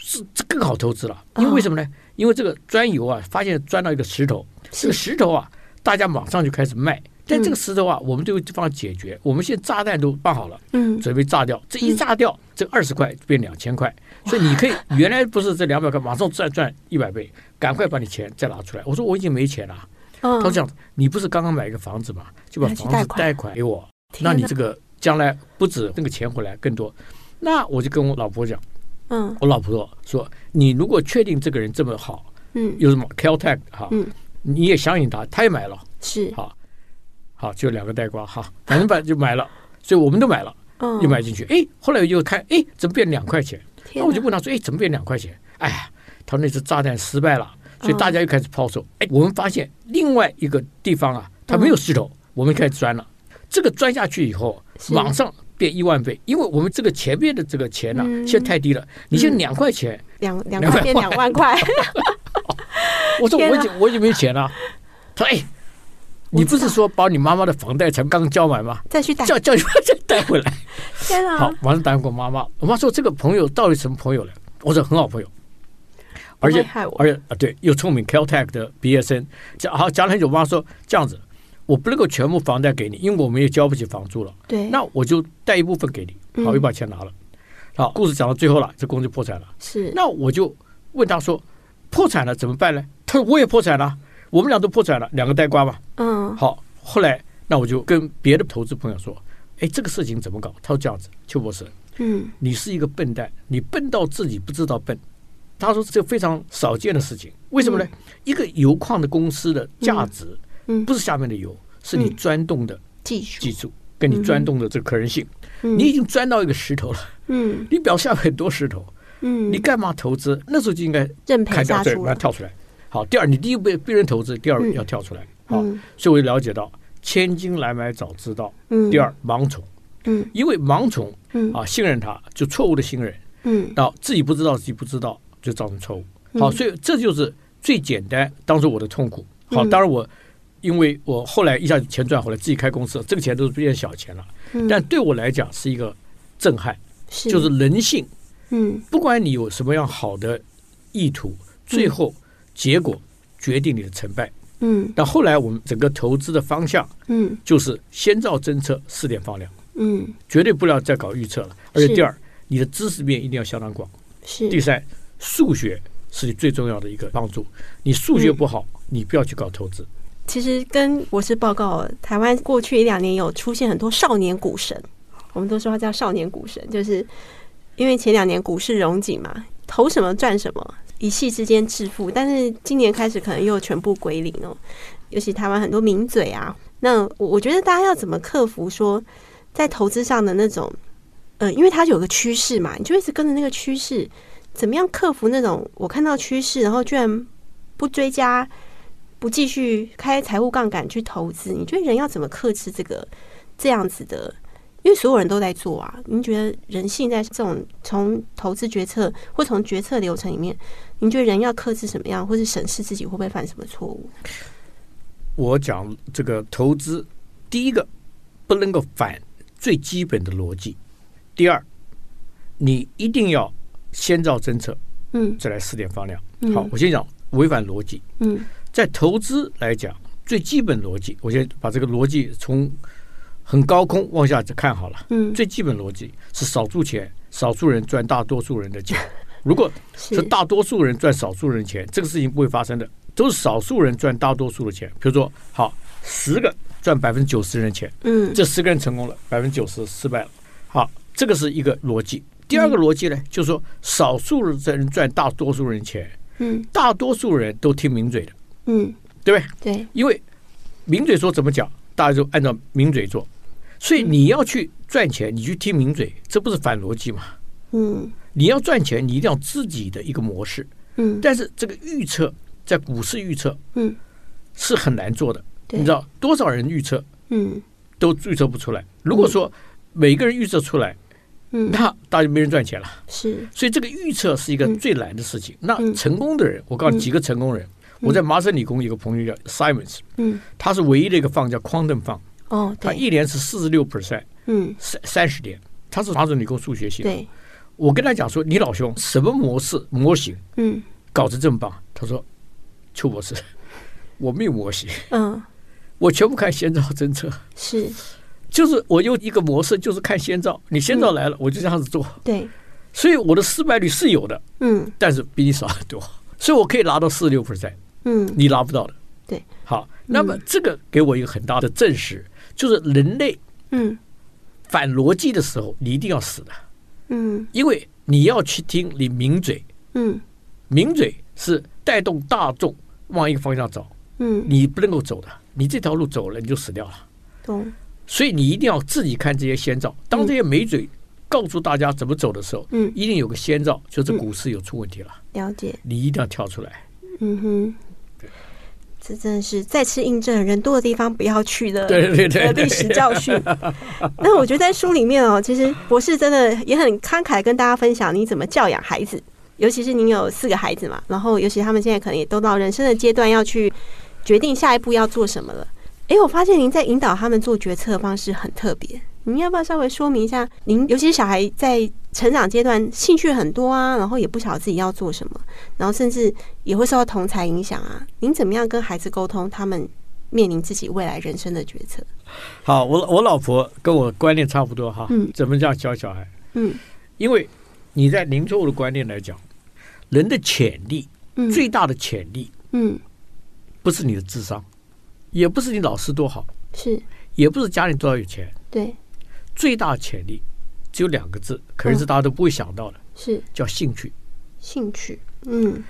Speaker 1: 是這更好投資了，因為為什麼呢、哦？因為這個鑽油啊，發現鑽到一個石頭，這個石頭啊，大家馬上就開始賣。但這個石頭啊，嗯、我們就有地方解決。我們現在炸彈都辦好了、嗯，準備炸掉。這一炸掉，嗯、這二十塊就變兩千塊，所以你可以原來不是這兩百塊，馬上再賺一百倍，趕快把你錢再拿出來。我說我已經沒錢了，嗯、他講你不是剛剛買一個房子嘛，就把房子貸款給我，
Speaker 3: 那你這個
Speaker 1: 將來不止那個錢回來更多，
Speaker 3: 那我
Speaker 1: 就跟我老婆講。嗯，我老婆說，你如果確定這個人這麼好，嗯，有什麼 Caltech 哈，嗯，你也相信他，他也買了，是，好，好就兩個呆瓜哈，反正反正就買了、啊，所以我們都買了，嗯、哦，又買進去，哎，後來又看，哎，怎麼變兩塊錢？那、啊、我就問他說，哎，怎麼變兩塊錢？哎，他那次炸彈失敗了，所以大家又開始拋售。哎、哦，我們發現另外一個地方啊，他沒有石頭，哦、我們開始鑽了。這個鑽下去以後，往上。變一萬倍，因為我們這個前面的這個錢呢、啊嗯，現在太低了。嗯、你現在兩塊錢，
Speaker 2: 兩兩塊變兩萬塊。萬 (laughs) 天啊、 (laughs) 我說我已經
Speaker 1: 我已經沒錢了啊。他說：“哎、欸，你不是說把你媽媽的房貸才剛交完嗎？
Speaker 2: 再去帶，叫叫你媽再帶回來。”天啊！好，
Speaker 1: 馬上打電話給我媽媽。我媽說：“這個朋友到底什麼朋友呢？”我說：“很好朋友，
Speaker 2: 而且而
Speaker 1: 且啊，對，又聰明，Caltech 的畢業生。”講好講了很久。我媽說：“這樣子。”我不能夠全部房貸給你，因為我們也交不起房租了。對，那我就貸一部分給你。好，又把錢拿了、嗯。好，故事講到最後了，這公司破產了。是，那我就問他說：“破產了怎麼辦呢？”他說：“我也破產了，我們倆都破產了，兩個呆瓜嘛。”嗯。好，後來那我就跟別的投資朋友說：“哎，這個事情怎麼搞？”他說：“這樣子，邱博士，嗯，你是一個笨蛋，你笨到自己不知道笨。”他說：“這非常少見的事情，為什麼呢？嗯、一個油礦的公司的價值、嗯。”嗯、不是下面的油，是你鑽洞的技術，技、嗯、術跟你鑽洞的這個可能性、嗯，你已經鑽到一個石頭了。嗯，你表現很多石頭。嗯，你幹嘛投資？那時候就應該開掉。對，要跳出來。好，第二，你第一被別人投資，第二要跳出來。好，嗯、所以我就了解到，千金難買早知道。嗯，第二盲從。嗯，因為盲從。嗯啊，信任他，就錯誤的信任。嗯，到自己不知道，自己不知道，就造成錯誤。好，嗯、所以這就是最簡單當時我的痛苦。好，嗯、當然我。因為我後來一下子錢賺回來，自己開公司，這個錢都是變小錢了。嗯。但對我來講是一個震撼，就是人性。
Speaker 3: 嗯。
Speaker 1: 不管你有什麼樣好的意圖，最後結果決定你的成敗。嗯。但後來我們整個投資的方向，嗯，就是先照政策試點放量。
Speaker 3: 嗯。
Speaker 1: 絕對不要再搞預測了。而且第二，你的知識面一定要相當廣。第三，數學是你最重要的一個幫助。你數學不好，嗯。你不要去搞投資。
Speaker 2: 其實跟我是報告，台灣過去一兩年有出現很多少年股神，我們都說他叫少年股神，就是因為前兩年股市榮景嘛，投什麼賺什麼，一夕之間致富。但是今年開始可能又全部歸零哦、喔，尤其台灣很多名嘴啊。那我覺得大家要怎麼克服說在投資上的那種，呃，因為它有個趨勢嘛，你就一直跟着那個趨勢。怎麼樣克服那種我看到趨勢，然後居然不追加？不繼續開財務槓桿去投資，你覺得人要怎麼克制這個這樣子的？因為所有人都在做啊，您覺得人性在這種從投資決策或從決策流程裡面，您覺得人要克制什麼樣，或是審視自己會不會犯什麼錯誤？
Speaker 1: 我講這個投資，第一個不能夠反最基本的邏輯，第二，你一定要先造政策，嗯，再來試點放量。好，嗯，我先講違反邏輯，嗯。在投資來講，最基本邏輯，我先把這個邏輯從很高空往下看好了。嗯、最基本邏輯是少數錢，少數人賺大多數人的錢。如果是大多數人賺少數人錢，這個事情不會發生的，都是少數人賺大多數的錢。比如說，好，十個賺百分之九十人錢，這十個人成功了，百分之九十失敗了。好，這個是一個邏輯。第二個邏輯呢，嗯、就是說少數人賺大多數人錢，嗯、大多數人都聽名嘴的。嗯，對不對？對，因為名嘴說怎麼講，大家就按照名嘴做。所以你要去賺錢，嗯，你去聽名嘴，這不是反邏輯嗎？嗯，你要賺錢，你一定要自己的一個模式。
Speaker 3: 嗯，但是
Speaker 1: 這個預測在股市預測，嗯，是很難做的。你知道多少人預測？嗯，都預測不出來。如果說每個人預測出來，嗯，那大家就沒人賺錢了。是，所以這個預測是一個最難的事情。嗯，那成功的人，我告訴你，嗯，幾個成功人。我在麻省理工有一個朋友叫、嗯、Simon，嗯，他是唯一的一個放叫 Quantum 放，哦，他一年是四十六 percent，嗯，三三十年。他是麻省理工數學系的，的，我跟他講說，你老兄什麼模式模型？
Speaker 3: 嗯，
Speaker 1: 搞得這麼棒，嗯、他說，邱博士，我沒有模型，嗯，我全部看先兆偵測，是，就是我用一個模式，就是看先兆，你先兆來了、嗯，我就這樣子做，對，所以我的失敗率是有的，嗯，但是比你少很多，所以我可以拿到四十六 percent。嗯，你拿不到的。對，好，那麼這個給我一個很大的證實，嗯、就是人類，嗯，反邏輯的時候，你一定要死的，嗯，因為你要去聽你名嘴，嗯，名嘴是帶動大眾往一個方向走，嗯，你不能夠走的，你這條路走了你就死掉了，懂。所以你一定要自己看這些先兆，當這些名嘴告訴大家怎麼走的時候，嗯，一定有個先兆，就是股市有出問題了，嗯、了解。你一定要跳出來，嗯
Speaker 2: 哼。這真的是再次印證人多的地方不要去的歷史教訓。 (laughs) 那我覺得在書裡面哦，其實博士真的也很慷慨跟大家分享你怎麼教養孩子，尤其是您有四個孩子嘛，然後尤其他們現在可能也都到人生的階段要去決定下一步要做什麼了。哎，我發現您在引導他們做決策的方式很特別。你要不要稍微說明一下？您尤其小孩在成長階段，興趣很多啊，然後也不曉得自己要做什麼，然後甚至也會受到同儕影響啊。您怎麼樣跟孩子溝通？他們面臨自己未來人生的決策？
Speaker 1: 好，我我老婆跟我觀念差不多哈。嗯。怎麼叫教小、小孩？嗯。因為你在零錯誤的觀念來講，人的潛力、嗯、最大的潛力，嗯，不是你的智商，也不是你老師多好，是，也不是家裡多少有錢，對。最大潛力只有兩個字，可能是大家都不會想到的，嗯、是叫興趣。興趣，嗯，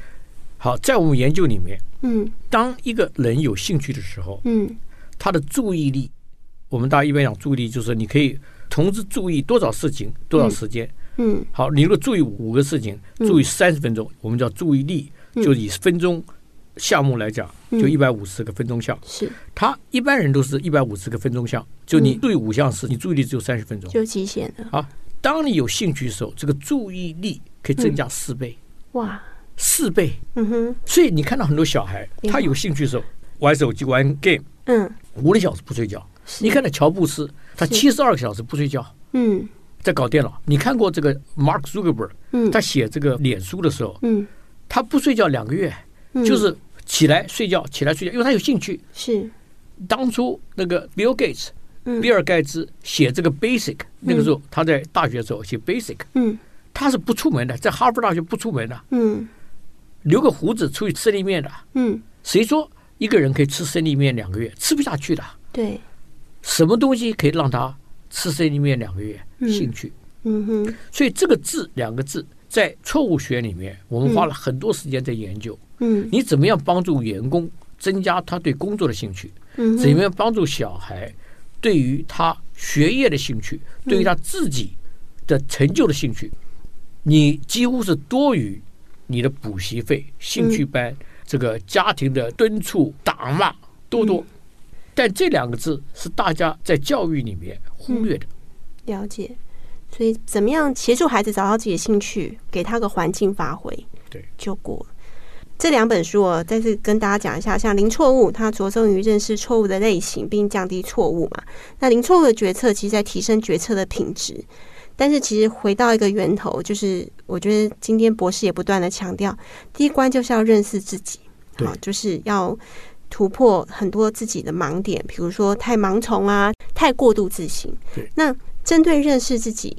Speaker 1: 好，在我們研究裡面，嗯，當一個人有興趣的時候，嗯，他的注意力，我們大家一般講注意力，就是你可以同時注意多少事情，多少時間，嗯，嗯好，你如果注意五個事情，注意三十分鐘，嗯，我們叫注意力，就以分鐘。項目來講，就一百五十個分鐘項，嗯、是他一般人都是一百五十個分鐘項。就你對五項時、嗯，你注意力只有三十分鐘，就
Speaker 2: 極限的啊，
Speaker 1: 當你有興趣的時候，這個注意力可以增加四倍、嗯。哇，四倍，嗯哼。所以你看到很多小孩，嗯、他有興趣的時候、嗯、玩手機、玩 game，嗯，五個小時不睡覺。你看到喬布斯，他七十二個小時不睡覺，嗯，在搞電腦。你看過這個 Mark Zuckerberg，嗯，他寫這個臉書的時候，嗯，他不睡覺兩個月。就是起來睡覺，起來睡覺，因為他有興趣。是，當初那個 Bill Gates，、嗯、比爾蓋茨寫這個 Basic、嗯、那個時候，他在大學的時候寫 Basic，嗯。他是不出門的，在哈佛大學不出門的。嗯，留個鬍子，出去吃生力麵的。
Speaker 3: 嗯，
Speaker 1: 誰說一個人可以吃生力麵兩個月？吃不下去的。對，什麼東西可以讓他吃生力麵兩個月？嗯、興趣。
Speaker 3: 嗯，
Speaker 1: 所以這個字，兩個字，在錯誤學裡面，我們花了很多時間在研究。嗯嗯你怎麼樣幫助員工增加他對工作的興趣？嗯、怎麼樣幫助小孩對於他學業的興趣、嗯，對於他自己的成就的興趣？你幾乎是多於你的補習費、興趣班、嗯、這個家庭的敦促、打罵多多、嗯。但這兩個字是大家在教育裡面忽略的、嗯。
Speaker 2: 了解，所以怎麼樣協助孩子找到自己的興趣，給他個環境發揮，對，就過了。這兩本書，我再次跟大家講一下，像零錯誤，它着重於認識錯誤的類型，並降低錯誤嘛。那零錯誤的決策，其實在提升決策的品質。但是，其實回到一個源頭，就是我覺得今天博士也不斷的強調，第一關就是要認識自己，好、哦、就是要突破很多自己的盲點，比如說太盲從啊，太過度自信。對，那針對認識自己。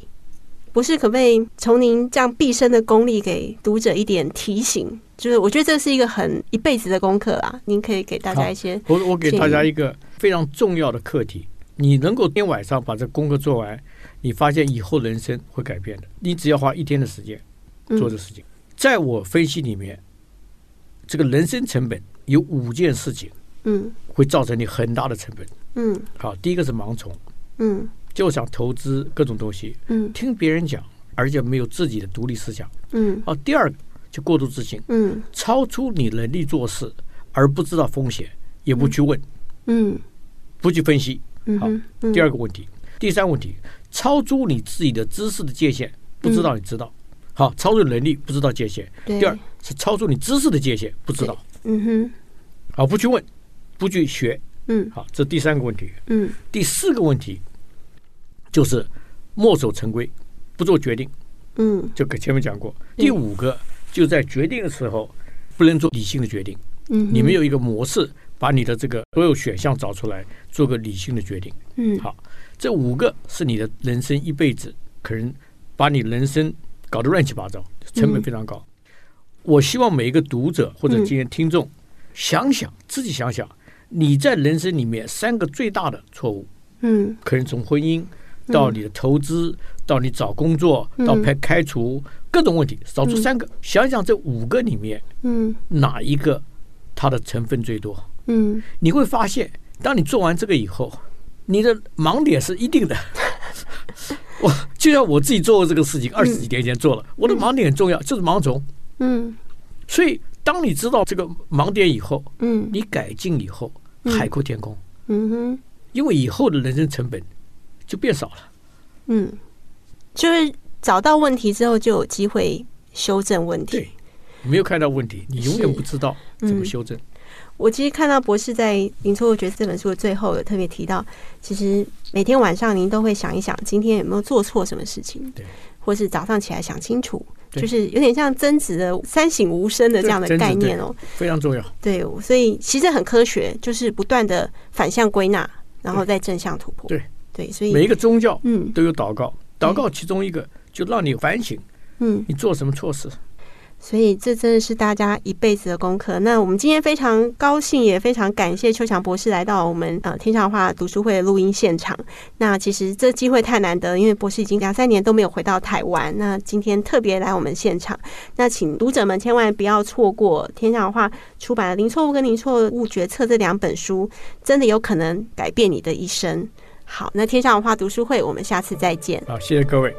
Speaker 2: 不是，可不可以從您這樣畢生的功力給讀者一點提醒？就是我覺得這是一個很一輩子的功課啊！您可以給大家一些，我我給大家一
Speaker 1: 個非常重要的課題。你能夠今天晚上把這功課做完，你發現以後人生會改變的。你只要花一天的時間做這事情。嗯，在我分析裡面，這個人生成本有五件事情，嗯，會造成你很大的成本。嗯，好，第一個是盲從，
Speaker 3: 嗯。
Speaker 1: 就想投資各種東西，嗯，聽別人講，而且沒有自己的獨立思想，嗯，好、啊。第二個就過度自信，嗯，超出你的能力做事，而不知道風險，也不去問，嗯，
Speaker 3: 不去分析。好、
Speaker 1: 嗯啊，第二個問題、嗯，第三個問題，超出你自己的知識的界限、嗯，不知道你知道，好、嗯啊，超出你能力不知道界限。嗯、第二是超出你知識的界限，嗯、不知道。嗯哼，好、啊，不去問，不去學，嗯，好、啊，這第三個問題。嗯，第四個問題。就是墨守成規，不做決定。
Speaker 3: 嗯，
Speaker 1: 就跟前面講過。嗯、第五個就在決定的時候不能做理性的決定。
Speaker 3: 嗯，你沒有一
Speaker 1: 個模式，把你的這個所有選項找出來，做個理性的決定。嗯，好，這五個是你的人生一輩子可能把你人生搞得亂七八糟，成本非常高。嗯、我希望每一個讀者或者今天聽眾、嗯、想想自己想想，你在人生裡面三個最大的錯誤。嗯，可能從婚姻，到你的投資、嗯，到你找工作、嗯，到開除，各種問題，找出三個、嗯，想想這五個裡面，嗯，哪一個它的成分最多？嗯，你會發現，當你做完這個以後，你的盲點是一定的。嗯、我就像我自己做過這個事情、嗯，二十幾年前做了，我的盲點很重要，就是盲從。
Speaker 3: 嗯，
Speaker 1: 所以當你知道這個盲點以後，嗯，你改進以後，海闊天空。
Speaker 2: 嗯，嗯
Speaker 1: 哼，因為以後的人生成本，就變少了，
Speaker 2: 嗯，就是找到問題之後就有機會修正問題。
Speaker 1: 對，沒有看到問題，你永遠不知道怎麼修正、嗯。
Speaker 2: 我其實看到博士在《零錯誤決策》這本書的最後有特別提到，其實每天晚上您都會想一想今天有沒有做錯什麼事情，對，或是早上起來想清楚，就是有點像曾子的“三省吾身”的這樣的概念哦、喔，
Speaker 1: 非常重要。
Speaker 2: 對，所以其實很科學，就是不斷的反向歸納，然後再正向突破。對。對對，所以每一個
Speaker 1: 宗教，嗯，都有禱告、嗯，禱告其中一個就讓你反省，嗯，你做什麼錯事，
Speaker 2: 所以這真的是大家一輩子的功課。那我們今天非常高興，也非常感謝邱強博士來到我們呃天下文化讀書會的錄音現場。那其實這機會太難得，因為博士已經兩三年都沒有回到台灣，那今天特別來我們現場。那請讀者們千萬不要錯過天下文化出版了《零錯誤》跟《零錯誤、零錯誤決策》這兩本書，真的有可能改變你的一生。好，那天下文化讀書會，我們下次再見。好，謝謝各位。